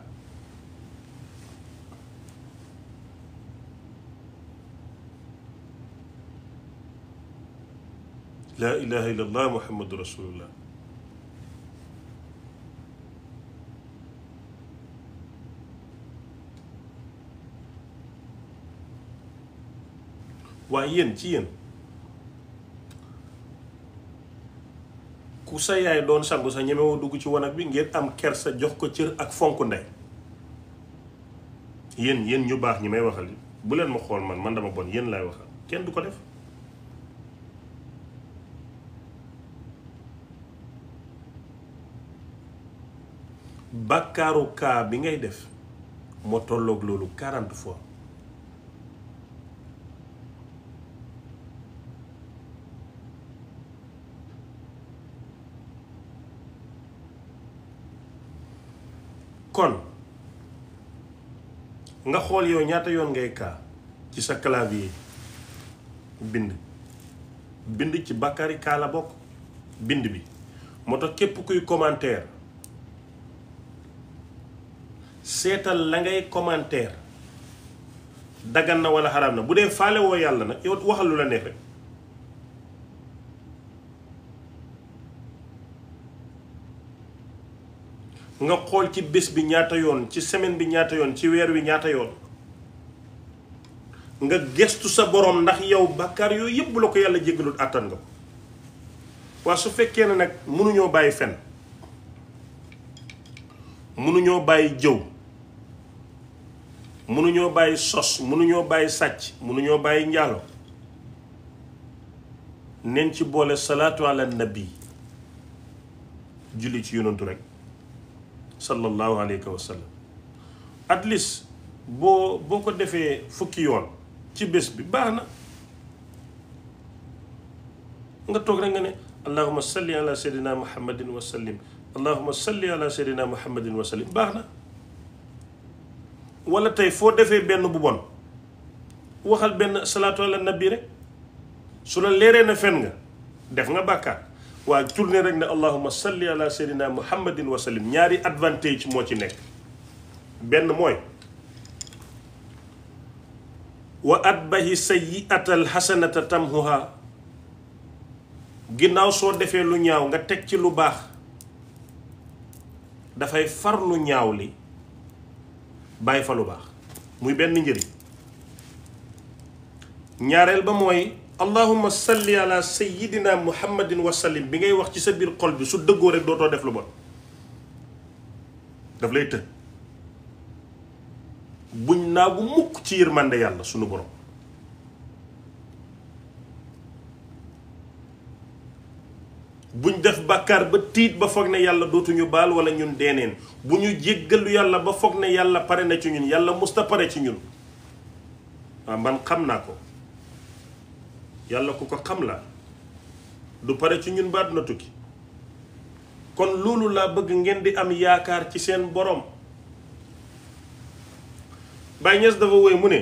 la ilaha illallah muhammadu rasulullah waaye yéen ci yéen ku sa yaay doon sangu sa ñemewoo dugg ci wanag bi ngeen am kersa jox ko cër ak fonk ndey yéen yéen ñu baax ñi may waxal bu leen ma xool man man dama bon yéen laay waxal kenn du ko def bàkkaaru kaa bi ngay def moo tolloog loolu 40 fois kon nga xool yow ñaata yoon ngay kaa ci sa clavier bind bind ci bàkkaari kaa la bokk bind bi moto képp kuy commentaire seetal la ngay commentaire daggan na wala xaraam na bu dee faale woo yàlla na yow waxal la ne rek nga xool ci bés bi ñaata yoon ci semaine bi ñaata yoon ci weer wi ñaata yoon nga gestu sa borom ndax yow bàkkaar yooyu yëpp bu la ko yàlla jéggalul àttan nga waa su fekkee ne nag mënuñoo bàyyi fen mënuñoo bàyyi jëw mënuñoo bàyyi sos mënuñoo bàyyi sàcc mënuñoo bàyyi njaalo neen ci boole salaat ala nabi julli ci yonantu rek sallallahu alayhi wa sallam at least boo boo ko defee fukki yoon ci bés bi baax na nga toog rek nga ne allahuma salli ala sayyidina muhammadin wa sallim allahuma salli ala sayyidina muhammadin wa sallim baax na wala tey foo defee benn bu bon waxal benn salaatu ala nabi rek su la leeree na fen nga def nga bàkkaat waa tourné rek ne allahuma salli ala sayyidina muhammadin wa sallim ñaari advantage moo ci nekk benn mooy wa at atbahi sayyi'ata alxasanata tamhuha ginnaaw soo defee lu ñaaw nga teg ci lu baax dafay far lu ñaaw li bàyyi fa lu baax muy benn njëriñ ñaareel ba mooy allahumma salli ala sayyidina muhammadin wa sallim bi ngay wax ci sa biir xol bi su dëggoo rek dootoo def lu bon daf lay të buñ naagu mukk ci yërmande yàlla sunu borom buñ def bàkkaar ba tiit ba foog na yàlla dootuñu baal wala ñun deeneen bu ñu jéggalu yàlla ba foog na yàlla pare na ci ñun yàlla musta pare ci ñun waaw ah, man xam naa ko yàlla ko ko xam la du pare ci ñun ba àdduna tukki kon loolu laa bëgg ngeen di am yaakaar ci seen boroom Baay Ñas dafa woy mu ne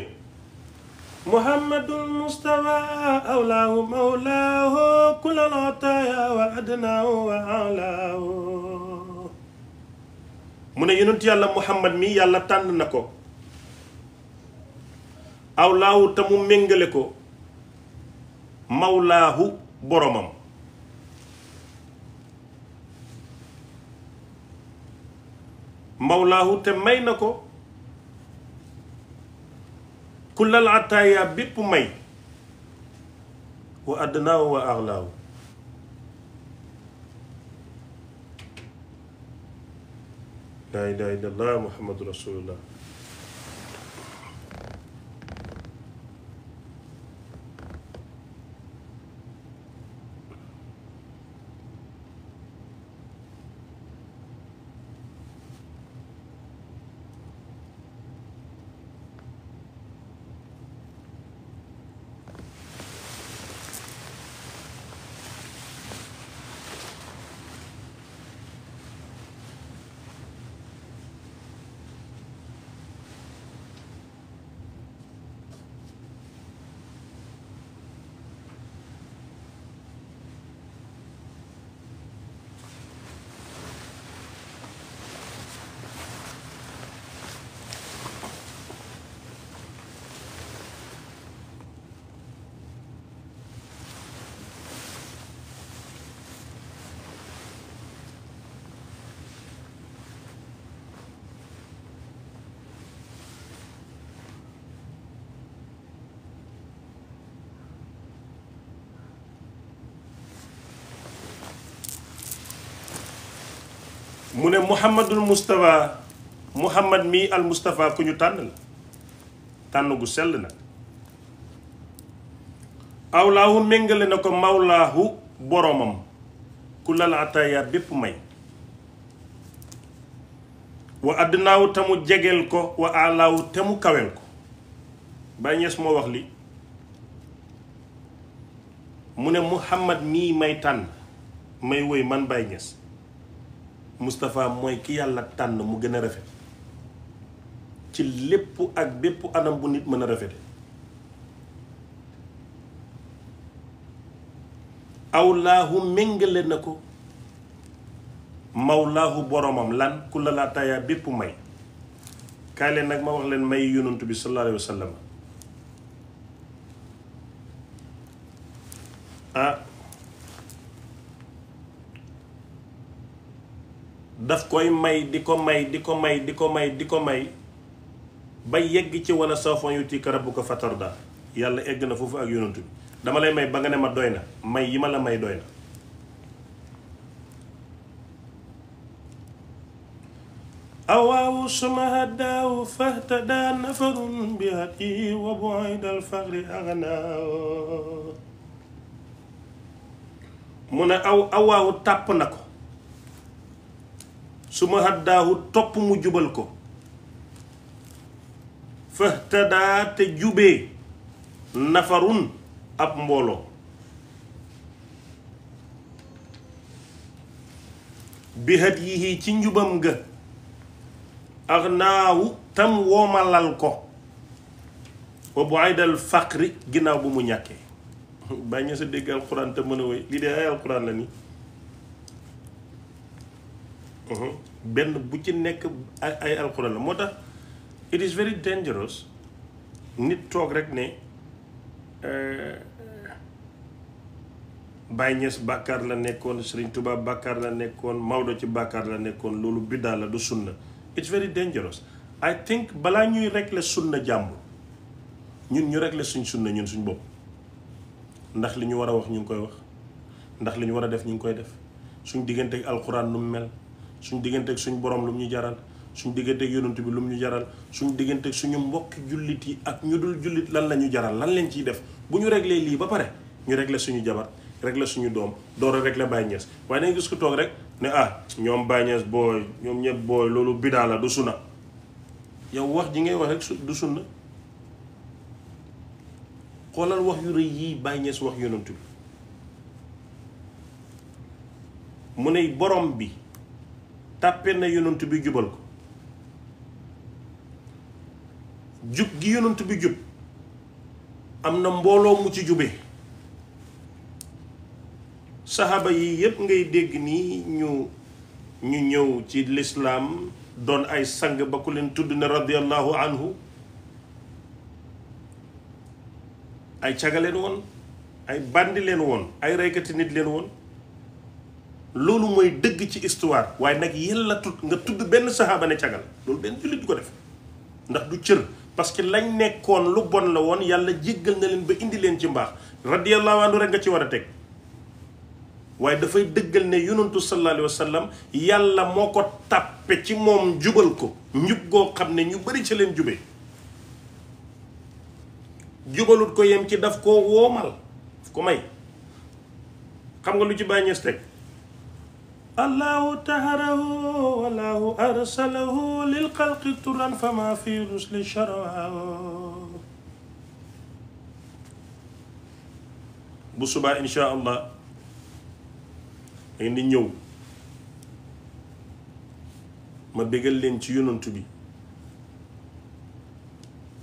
muhammadul mustafa awlaahu mawlaahu yàlla muhammad mi yàlla tànn na ko awlaahu te mu méngale ko mawlaahu boromam mawlaahu te may na ko kullal ataaya bépp may wa adnaahu wa axlaahu laa ilaaha illallaah muhammadu rasulullah mu ne muhammadul moustapha muhammad mii al moustapha ku ñu tànn la tànn gu sell nag awlaahu mengale na ko mawlaahu boromam ku lal ataya bépp may wa addinaawu te mu jegeel ko wa alaawu te mu kaweel ko Baay Ñas moo wax li mu ne muhammad mii may tànn may woy man Baay Ñas Moustapha mooy ki yàlla tànn mu gën a rafet ci lépp ak bépp anam bu nit mën a rafete awlaahu méngale na ko mawlaahu boromam lan ku la laa taayaa bépp may kaay leen nag ma wax leen may yonantu bi sallallahu alayhi daf koy may di ko may di ko may di ko may di ko may ba yegg ci walla wala sawfa yu'tika rabbuka fatarda yàlla egg na foofu ak yonantu bi dama lay may ba nga ne ma doy na may yi ma la may doy na awaawu suma haddaawu fahtada nafarun bi hadi wa bu'idal faxri aghnaa mu ne aw awaawu tàpp na ko su ma haddaahu topp mu jubal ko fahtadaa te jubee nafarun ab mbooloo bi hadyihi ci njubam ga ak naawu tam woomalal ko wa bu aydal faqri ginnaaw bu mu ñàkkee bàññee sa dégg alxuraan te mën a woy lii de ay alxuraan la nii Uh-huh. benn bu ci nekk ay ay alxuraan la moo tax it is very dangerous nit toog rek ne eh, Baye Niass bàkkaar la nekkoon Serigne Touba bàkkaar la nekkoon Maodo ci bàkkaar la nekkoon loolu biddaa la du sunna it's very dangerous I think balaa ñuy régler sunna jàmm ñun ñu régler suñ sunna ñun suñ bopp ndax li ñu war a wax ñu ngi koy wax ndax li ñu war a def ñu ngi koy def suñ diggante ak alxuraan nu mu mel suñu diggante suñu suñ borom lu mu ñu jaral suñ diggante ak yonent bi lu mu jaral suñ diggante suñu mbokki jullit yi ak ñu dul jullit lan la ñu jaral lan leen ciy def bu ñu reglee lii ba pare ñu réglé suñu jabar réglé suñu doom door a réglé Baye Niass waaye nañ rek ne ah ñoom Baye Niass booy loolu bidaa la du yow wax ji ngay wax du sunna xoolal wax yu yii Baye Niass wax yonent bi mu ne boroom bi tàppe na yonent bi jubal ko jub gi yonent bi jub am na mbooloo mu ci jube saxaaba yi yépp ngay dégg nii ñu ñu ñëw ci lislaam doon ay sang ba ku leen tudd ne radiallahu anhu ay caga leen woon ay bandi leen woon ay reykati nit leen woon loolu mooy dëgg ci histoire waaye nag yàlla tut nga tudd benn saxaaba ne cagal loolu benn jullit du ko def ndax du cër parce que lañ nekkoon lu bon la woon yàlla jéggal na leen ba indi leen ci mbaax radiyallahu anhu rek nga ci war a teg waaye dafay dëggal ne yonantu sallallahu alayhi wa sallam yàlla moo ko tàppe ci moom jubal ko njub goo xam ne ñu bari ci leen jube jubalut ko yem ci daf koo woomal daf ko may xam nga lu ci bàññees teg الله تهره والله أرسله للخلق طرا فما في رسل شرعه bu subaa insha allah ngeen di ñëw ma bégal leen ci yonent bi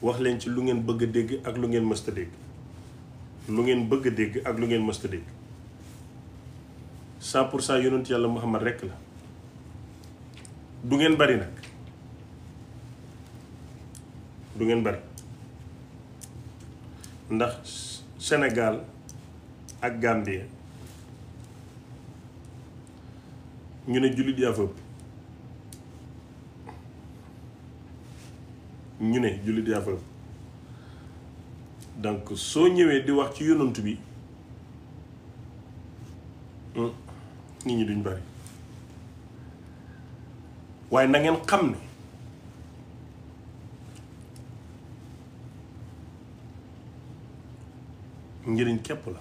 wax leen ci lu ngeen bëgg dégg ak lu ngeen mësta dégg lu ngeen bëgg a dégg ak lu ngeen mësta dégg cent pour cent yonent yàlla Muhammad rekk la du ngeen bari nag du ngeen bari ndax Sénégal ak Gambie ñu ne jullit yaa fa ëpp ñu ne jullit yaa fa ëpp donc soo ñëwee di wax ci yonent bi. Hmm, nit ñi duñ bari waaye na ngeen xam ne njëriñ képp la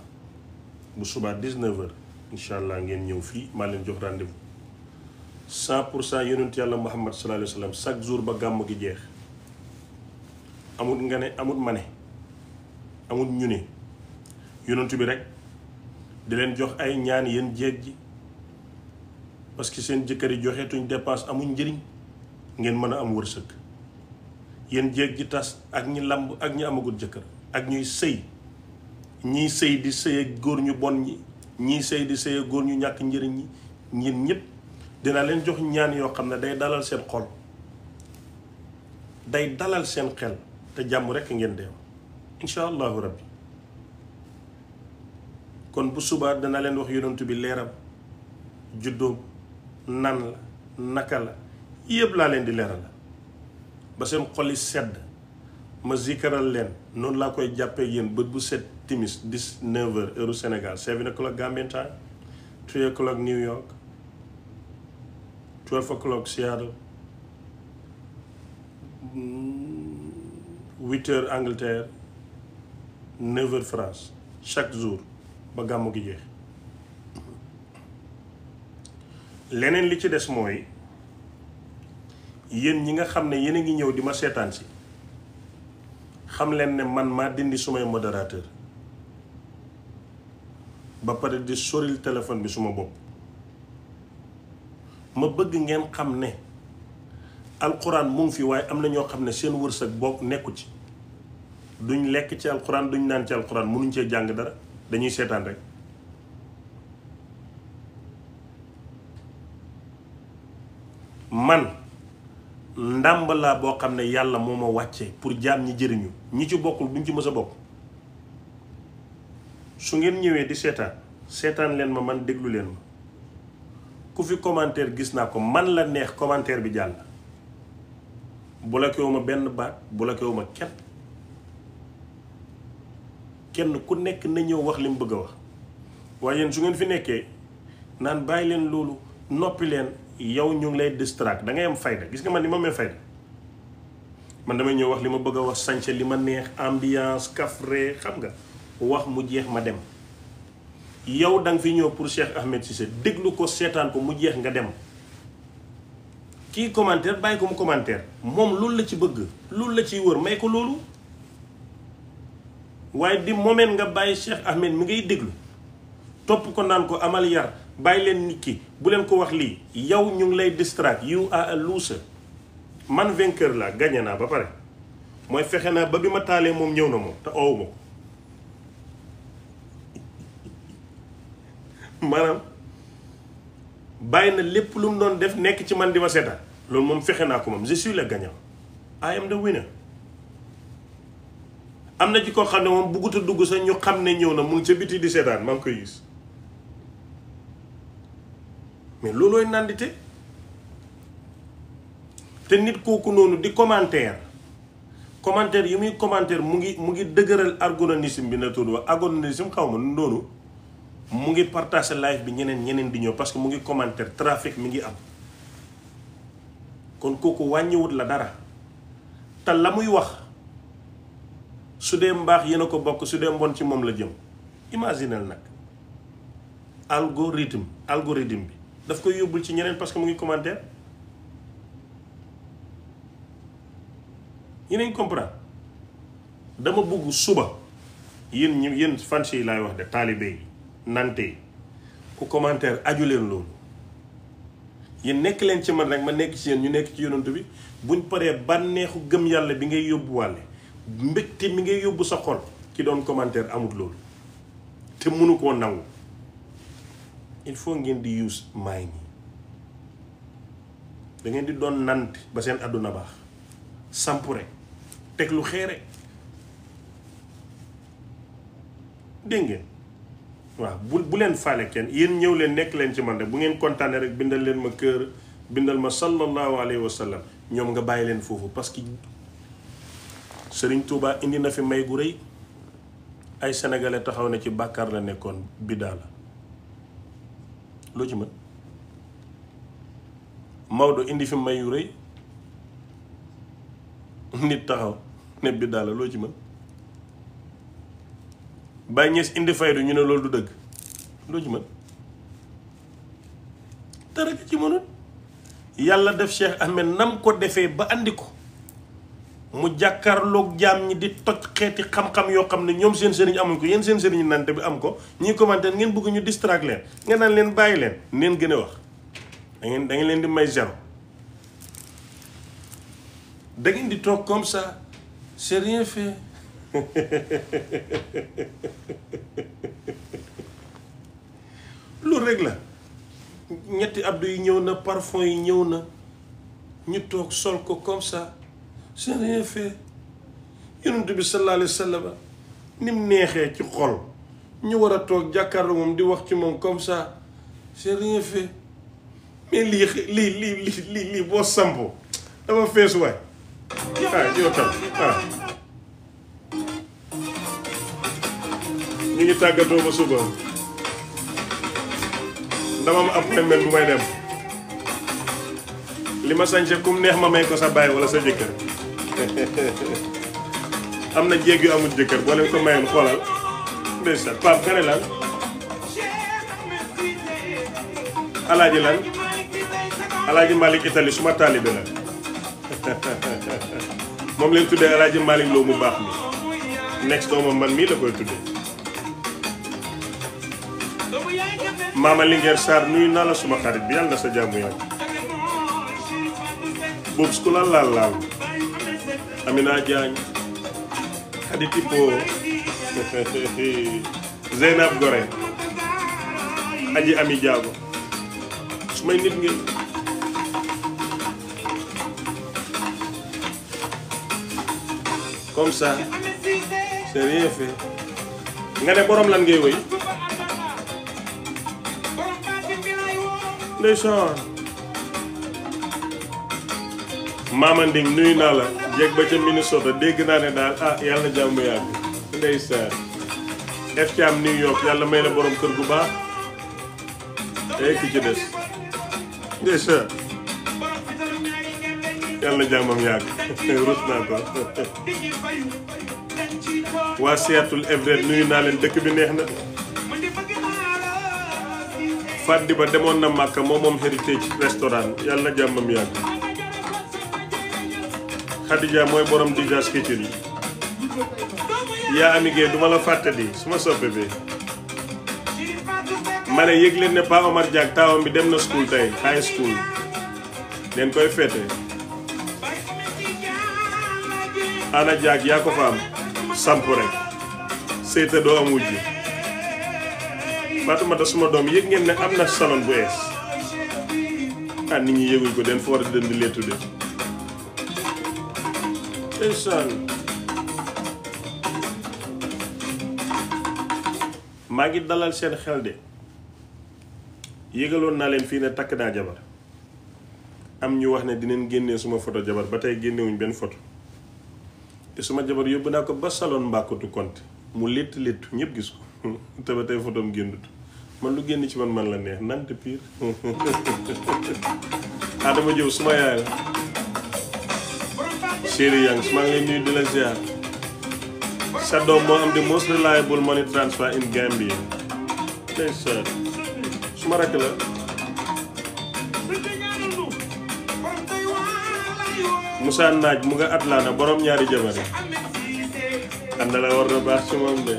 bu subaa 19 heures allah ngeen ñëw fii maa leen jox rendez-vous pour cent yonent yàlla Muhammad sallallahu alayhi wa sallam chaque jour ba gàmm gi jeex amut nga ne amut ma ne amut ñu ne yonentu bi rek di leen jox ay ñaan yéen jeeg ji parce que seen jëkkër yi joxeetuñ dépense amuñ njëriñ ngeen mën a am wërsëg yéen jéeg ji tas ak ñi làmb ak ñi amagul jëkkër ak ñuy sëy ñii sëy di sëy ak góor ñu bon ñi ñii sëy di sëy ak góor ñu ñàkk njëriñ ñi ñiin ñëpp dinaa leen jox ñaan yoo xam ne day dalal seen xol day dalal seen xel te jàmm rekk ngeen deem incha allahu rabbi kon bu subaa dana leen wax yonent bi leeram juddoo nan la naka la yëpp laa leen di leeral ba seen xol sedd ma zikaral leen noonu laa koy jàppee yéen bët bu set timis 19 heures heure Sénégal 7 o'clock Gambian time 3 o'clock New York 12 o'clock Seattle 8 mm, Angleterre 9 France chaque jour ba gàmmu gi jeex leneen li ci des mooy yéen ñi nga xam ne yéen a ngi ñëw di ma seetaan si xam leen ne man maa dindi sumay modérateur ba pare di soril téléphone bi suma bopp ma bëgg ngeen xam ne alxuraan mu fii waaye am na ñoo xam ne seen wërsëg bokk nekku ci duñ lekk ci alxuraan duñ naan ci alxuraan mënuñ cee jàng dara dañuy seetaan rek man ndàmb laa boo xam ne yàlla moo ma wàccee pour jaan ñi jëriñu ñi ci bokkul duñ ci mës a bokk su ngeen ñëwee di seetaan seetaan leen ma man déglu leen ma ku fi commentaire gis naa ko man la neex commentaire bi jàll bloqué wu ma benn baat bloqué wu ma kenn kenn ku nekk na ñëw wax lim bëgg a wax waaye yéen su ngeen fi nekkee naan bàyyi leen loolu noppi leen yow ñoo ngi lay distract da ngay am fayda gis nga man ni ma amee fayda man damay ñëw wax li ma bëgg a wax sañse li ma neex ambiance kafre xam nga wax mu jeex ma dem yow danga nga fi ñëw pour Cheikh ci Cissé déglu ko seetaan ko mu jeex nga dem kii commentaire bàyyi ko mu commentaire moom loolu la ci bëgg loolu la ciy wër may ko loolu waaye di moment nga bàyyi Cheikh Ahmed mi ngay déglu topp ko naan ko amal yar bàyyi leen nit ki bu leen ko wax lii yow ñu ngi lay distraat you a a loser man vainqueur la gagné naa ba pare mooy fexe naa ba bi ma taalee moom ñëw na moom te oowu ko maanaam bàyyi na lépp lu mu doon def nekk ci man di ma seetaan loolu moom fexe naa ko moom je suis le gagnant I am the winner am na ci xam ne moom buggut a dugg sax ñu xam ne ñëw na mun sa biti di seetaan maa ngi koy gis mais loolooy nandite te nit kooku noonu di commentaire commentaire yi muy commentaire mu ngi mu ngi dëgëral agonisme bi na tudd wax agonisme xaw ma noonu mu ngi partager live bi ñeneen ñeneen di ñëw parce que mu ngi commentaire trafic mu ngi am kon kooku wàññiwut la dara te la muy wax su dee mbaax yéen a ko bokk su dee mbon ci moom la jëm imaginel nag algorithme algorithme bi daf koy yóbbul ci ñeneen parce que mu ngi commentaire yeneen comprendre dama bugg suba yéen ñu yéen fans yi laay wax de taalibe yi nante yi ku commentaire aju leen loolu yéen nekk leen ci man rek ma nekk ci yéen ñu nekk ci yonantu bi buñ paree bànneexu gëm yàlla bi ngay yóbbu yóbbuwaale mbégte mi ngay yóbbu sa xol ki doon commentaire amut loolu te mënu koo nangu il faut ngeen di use mind yi da di doon nant ba seen àdduna baax sampu rek teg lu xeere dégg ngeen waaw bu bu leen faale kenn yéen ñëw leen nekk leen ci man rek bu ngeen kontaanee rek bindal leen ma kër bindal ma sallallahu alayhi wa sallam ñoom nga bàyyi leen foofu parce que Sëriñ Tuubaa indi na fi may gu rëy ay senegale taxaw na ci bàkkaar la nekkoon biddaa la loo ci mën Maodo indi fi may yu rëy nit taxaw ne bi daal loo ci mën Baye Niass indi faydu ñu ne loolu du dëgg loo ci mën dara ci mënut yàlla def Cheikh Ahmed nam ko defee ba indi ko mu jàkkaarloog jaam ñi di toj xeeti xam-xam yoo xam ne ñoom seen sëriñ amuñ ko yéen seen sëriñ nante bi am ko ñuy commenté ngeen bëgg ñu distract leen nga naan leen bàyyi leen neen gën a wax da ngeen leen di may zéro di toog comme sa c'est rien fait loolu rek la ñetti abdou yi ñëw na parfum yi ñëw na ñu toog sol ko comme ça j'ai rien fait yonent bi sallallahu alayhi wa sallam ni mu neexee ci xol ñu war a toog jàkkaarloo moom di wax ci moom comme ça j'ai rien fait mais lii lii lii lii boo sampoo dafa fees waay ah, ah ñu ngi tàggatoo ba suba dama am appointment mu may dem li ma sañse kum neex ma may ko sa baay wala sa jëkkër am na jéeg yu amul jëkkër boo leen ko mayoon xoolal ndeysaan Pape gane lan alaaji lan alaaji Malick Itali suma taalibe la moom leen tuddee alaaji Malick Lo mu baax mi next doomam man mii la koy tuddee Maama Linguère Sarr naa la suma xarit bi yàlla sa jàmm yàgg boobu su ku laal laal Amina Diagne Khady Tipo Zeynab Gore Aji Ami Diago su may nit ngeen comme ça c'est rien nga ne borom lan ngay wéy ndeysaan Mama Nding nuyu naa la yegg ba ca Minnesota dégg naa ne daal ah yàlla na jàmm yàgg ndeysaan def ci am New York yàlla may la borom kër gu baax ay ki ci des ndeysaan yàlla jàmmam yàgg naa ko waa Seattle Everett nuyu naa leen dëkk bi neex na fàddi ba demoon na Màkka moo moom héritage restaurant yàlla na jàmmam yàgg Khadija mooy boroom Dija Sketchup yi yaa amigee duma la fàtte di suma soppe bi ma yëg leen ne Pa Omar Diak taawam bi dem na school tey high school den koy fete ana Diak yaa ko fa am samp rek doo am wujj Fatoumata suma doom yëg ngeen ne am na salon bu ees ah nit ñi ko den foora den di lee tudde maa ngi dalal seen xel de yëgaloon naa leen fii ne takk naa jabar am ñu wax ne dinañ génne suma photo jabar ba tey génnewuñ benn foto te suma jabar yóbbu naa ko ba salon mbàkkatu kont mu létt létt ñëpp gis ko te ba tey photom génnut man lu génn ci man man la neex nante pire adama jëw suma yaay Chéri Yang maa ngi di la ziar sa doom moo am di most reliable money transfer in Gambia tey sir rakk la Moussa Naaj mu nga Atlanta borom ñaari jabar yi ànd la war na baax ci moom de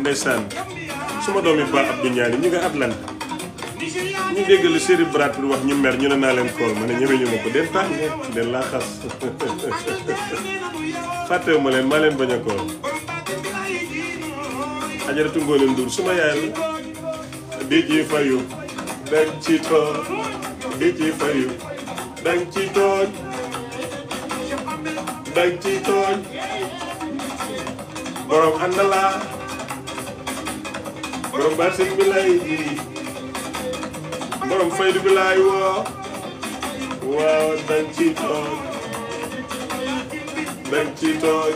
ndeysaan suma doomi ba Abdou Ñaari ñu nga Atlanta ñu dégg la série Brad wax ñu mer ñu ne naa leen kool ma ne ñeme ñu ma ko den tànn den laa xas fàttewu leen maa leen bañ a kool ajaratu leen dur suma yaay la di ci fayu dañ ci tooñ di ci fayu dañ ci tooñ dañ ci tooñ borom ànd laa borom seen bi borom faydu bi laay woo waaw dañ ci toog dañ ci toog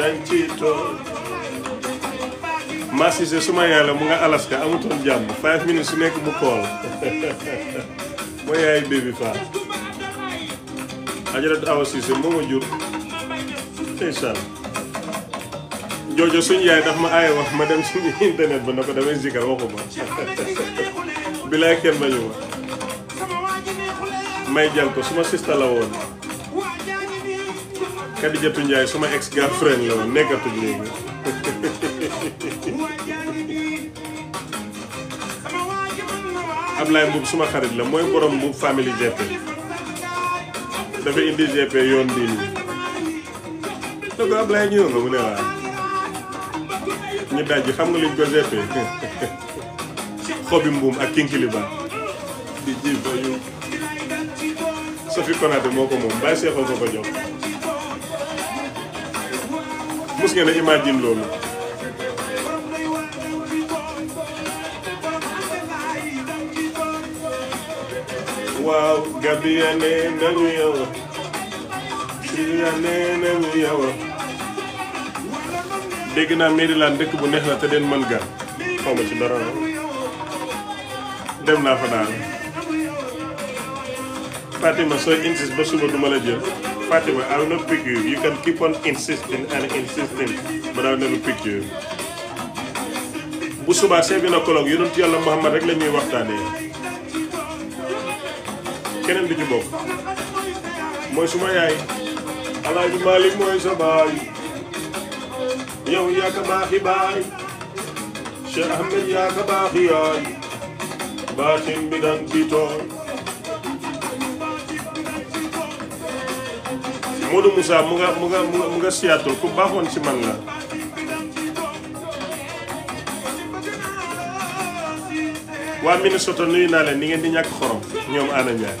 dañ mu nga Alaska amutoon jàmm five minutes su nekk kool mooy yaay Baby Fall ajaratu Awa Cissé moo joojo suñu yaay daf ma aaye wax ma dem suñu internet ba na ko damay zikar waxuma bilaay kenn bañu ma may jal ko suma sista la woon Kadijatu Njaay suma ex girlfriend la woon nekkatul léegi Ablaye Mbuub suma xarit la mooy borom Mbuub family GP dafa indi GP yoon bii nii da ko Ablaye ñëw nga ne laa ñu xam nga luñ ko jëppee xobi mbuum ak kinkiliba di ji ba yu Sophie Konaté moo ko moom bàyyi ko ko jox mus ngeen a imagine waaw gabi ya nee nañu yow si ya nee nañu yow dégg naa Maryland dëkk bu neex la te den mën gaan xaw ma ci dara dem naa fa daal Fatima sooy insist ba suba duma la jël Fatima I will not pick you you can keep on insisting and insisting but I will never pick you bu subaa see bi na koloog yonent yàlla Muhammad rek la ñuy waxtaanee keneen du ci bokk mooy suma yaay Alaaji Maalik mooy sa baay yow yaa ka baaxi baay Cheikh Ahmed yaa ka baaxi yaay baatin bi dang ci tooy Modou Moussa mu nga mu nga mu nga siyaatul ku baaxoon ci man la waa Minnesota nuyu naa leen ni ngeen di ñàkk xorom ñoom Anna Ndiaye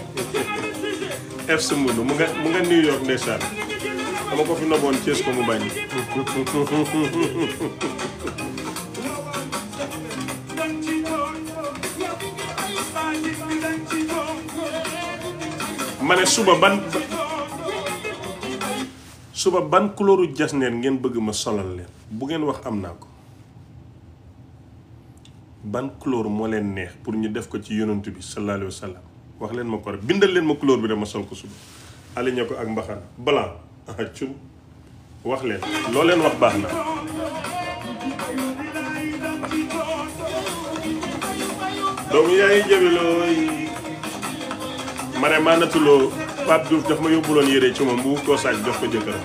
FC Modou mu nga mu nga New York ndeysaan dama ko fi noboon Cees ko mu bañ. ma ne suba ban suba ban couleur u jasneer ngeen bëgg ma solal leen bu ngeen wax am naa ko ban couleur moo leen neex pour ñu def ko ci yonent bi sallallahu alayhi wax leen ma ko rek bindal leen ma couleur bi dama sol ko suba. ali ña ko ak mbaxana blanc acum wax leen looleen leen wax baax na doomu yaay jëbilooy mane ma natuloo Pape Diouf daf ma yóbbuloon yére ci moom bu koo saaj jox ko jëkkëram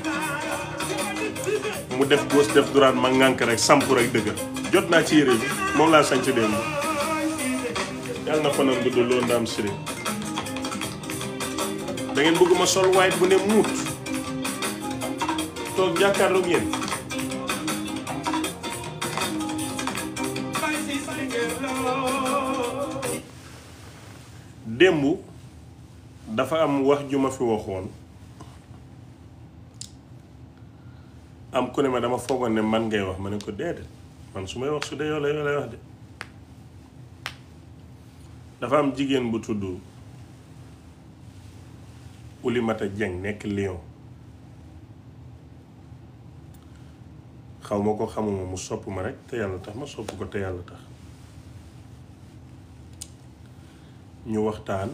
mu def gauche def droite ma ngànk rek samp rek dëgër jot naa ci yére bi moom laa sañ ci démb yàlla na fanaan gudd loo ndaam siri da ngeen sol waayit bu ne muut toog jàkkaarloog yéen démb dafa am wax juma ma fi waxoon am ku ne ma dama foogoon ne man ngay wax ma ne ko déedéet man su may wax su dee yoo la yoo lay wax de dafa am jigéen bu tudd Oulimata Dieng nekk Lyon xaw ma ko xamuma mu sopp ma rek te yàlla tax ma sopp ko te yàlla tax ñu waxtaan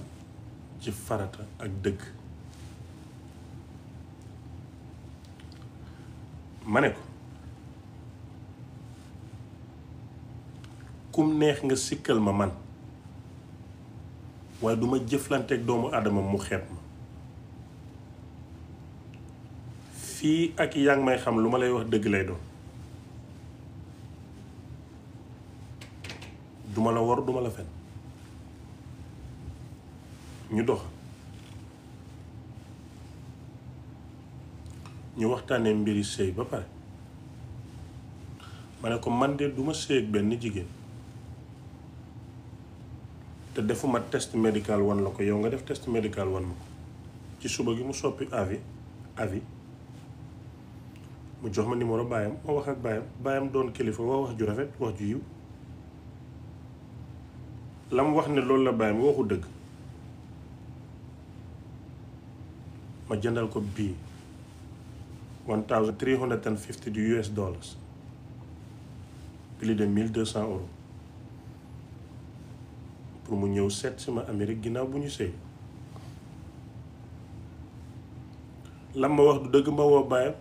ci farata ak dëgg ma ne ko kum neex nga sikkal ma man waaye duma jëflanteeg doomu aadama mu xeeb ma fii ak yaa ngi may xam lu ma lay wax dëgg lay doon duma la wor duma la fen ñu dox ñu waxtaanee mbiri sëy ba pare ma ne ko man de duma sëy ak benn jigéen te defuma test médical wan la ko yow nga def test médical wan ma ko ci suba gi mu soppi avi avis mu jox ma numéro baayam ma wax ak baayam baayam doon kilifa waa wax ju rafet wax ju yiw la wax ne loolu la bàyyi mu waxu dëgg ma jëndal ko bii one thousand three hundred du US dollars de mille deux cent euros pour mu ñëw seet si ma Amérique ginnaaw bu ñu sëy lam ma wax du dëgg ma woo bàyyam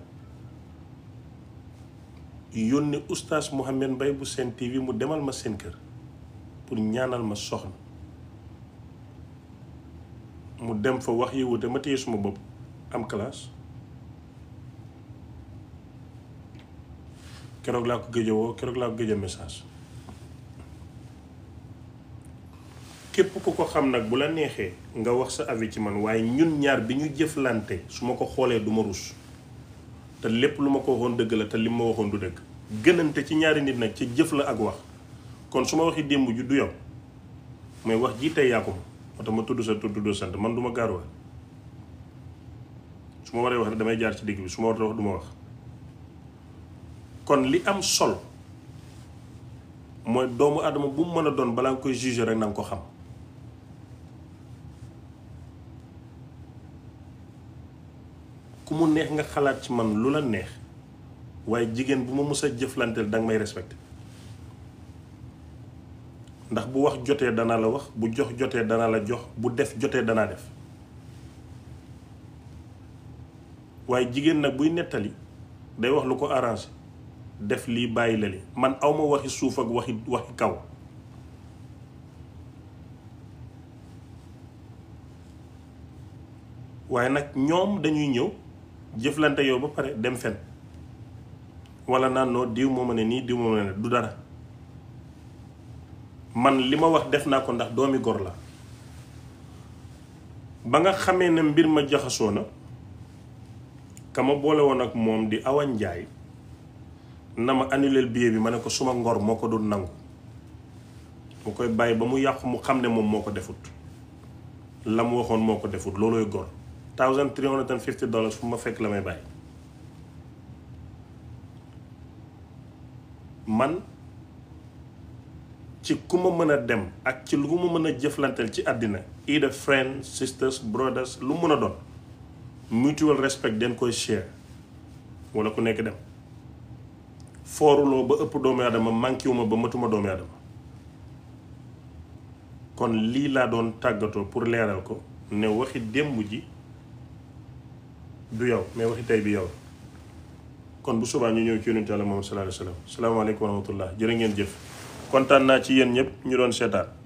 yónni oustaz Mouhamed mbay bu seen TV mu demal ma seen kër pour ñaanal ma soxna mu dem fa wax yi wute ma téye suma bopp am classe keroog laa ko gëj woo keroog laa ko gëj message képp ku ko xam nag bu la neexee nga wax sa avis ci man waaye ñun ñaar bi ñu jëflante su ma ko xoolee duma ma te lépp lu ma ko waxoon dëgg la te li ma waxoon du dëgg gënante ci ñaari nit nag ci jëf la ak wax kon su ma waxi démb ju du yow mais wax jii tey yaa ko moo tax ma tudd sa tudd tudd sant man du ma gaaruwaay su ma waree wax rek damay jaar ci digg bi su ma wax du ma wax kon li am sol mooy doomu adama bu mu mën a doon balaa nga koy juger rek nanga nga ko xam ku mu neex nga xalaat ci man lu la neex waaye jigéen bu ma mësa a jëflanteel danga may respecté ndax bu wax jotee danaa la wax bu jox jotee danaa la jox bu def jotee danaa def waaye jigéen nag buy nettali day wax lu ko arrangé def lii bàyyi la li man awma waxi suuf ak waxi waxi kaw waaye nag ñoom dañuy ñëw jëflante yow ba pare dem fen wala naan noo diw moo ma ne nii diw moo ma ne du dara man li ma wax def naa ko ndax doomi gor la ba nga xamee ne mbir ma jaxasoo na ka boole woon ak moom di Awa Njaay na ma annuleel billet bi ma ne ko suma ngor moo ko doon nangu mu koy bàyyi ba mu yàqu mu xam ne moom moo ko defut la mu waxoon moo ko defut loolooy gor thousand three hundred and fifty dollars fu ma fekk la may bàyyi man ci ku ma mën a dem ak ci lu ma mën a jëflanteel ci àddina either friends sisters brothers lu mën a doon mutual respect den koy share wala ku nekk dem fooruloo ba ëpp doomu aadama manqué wu ma ba matuma doomu aadama kon lii laa doon tàggatoo pour leeral ko ne waxi démb ji du yow mais waxi tey bi yow kon bu subaa ñu ñëw ci yonent Yàlla moom sallallahu alayhi wa sallam salaamaaleykum wa rahmatullah ngeen jëf kontaan naa ci yéen ñëpp ñu doon seetaan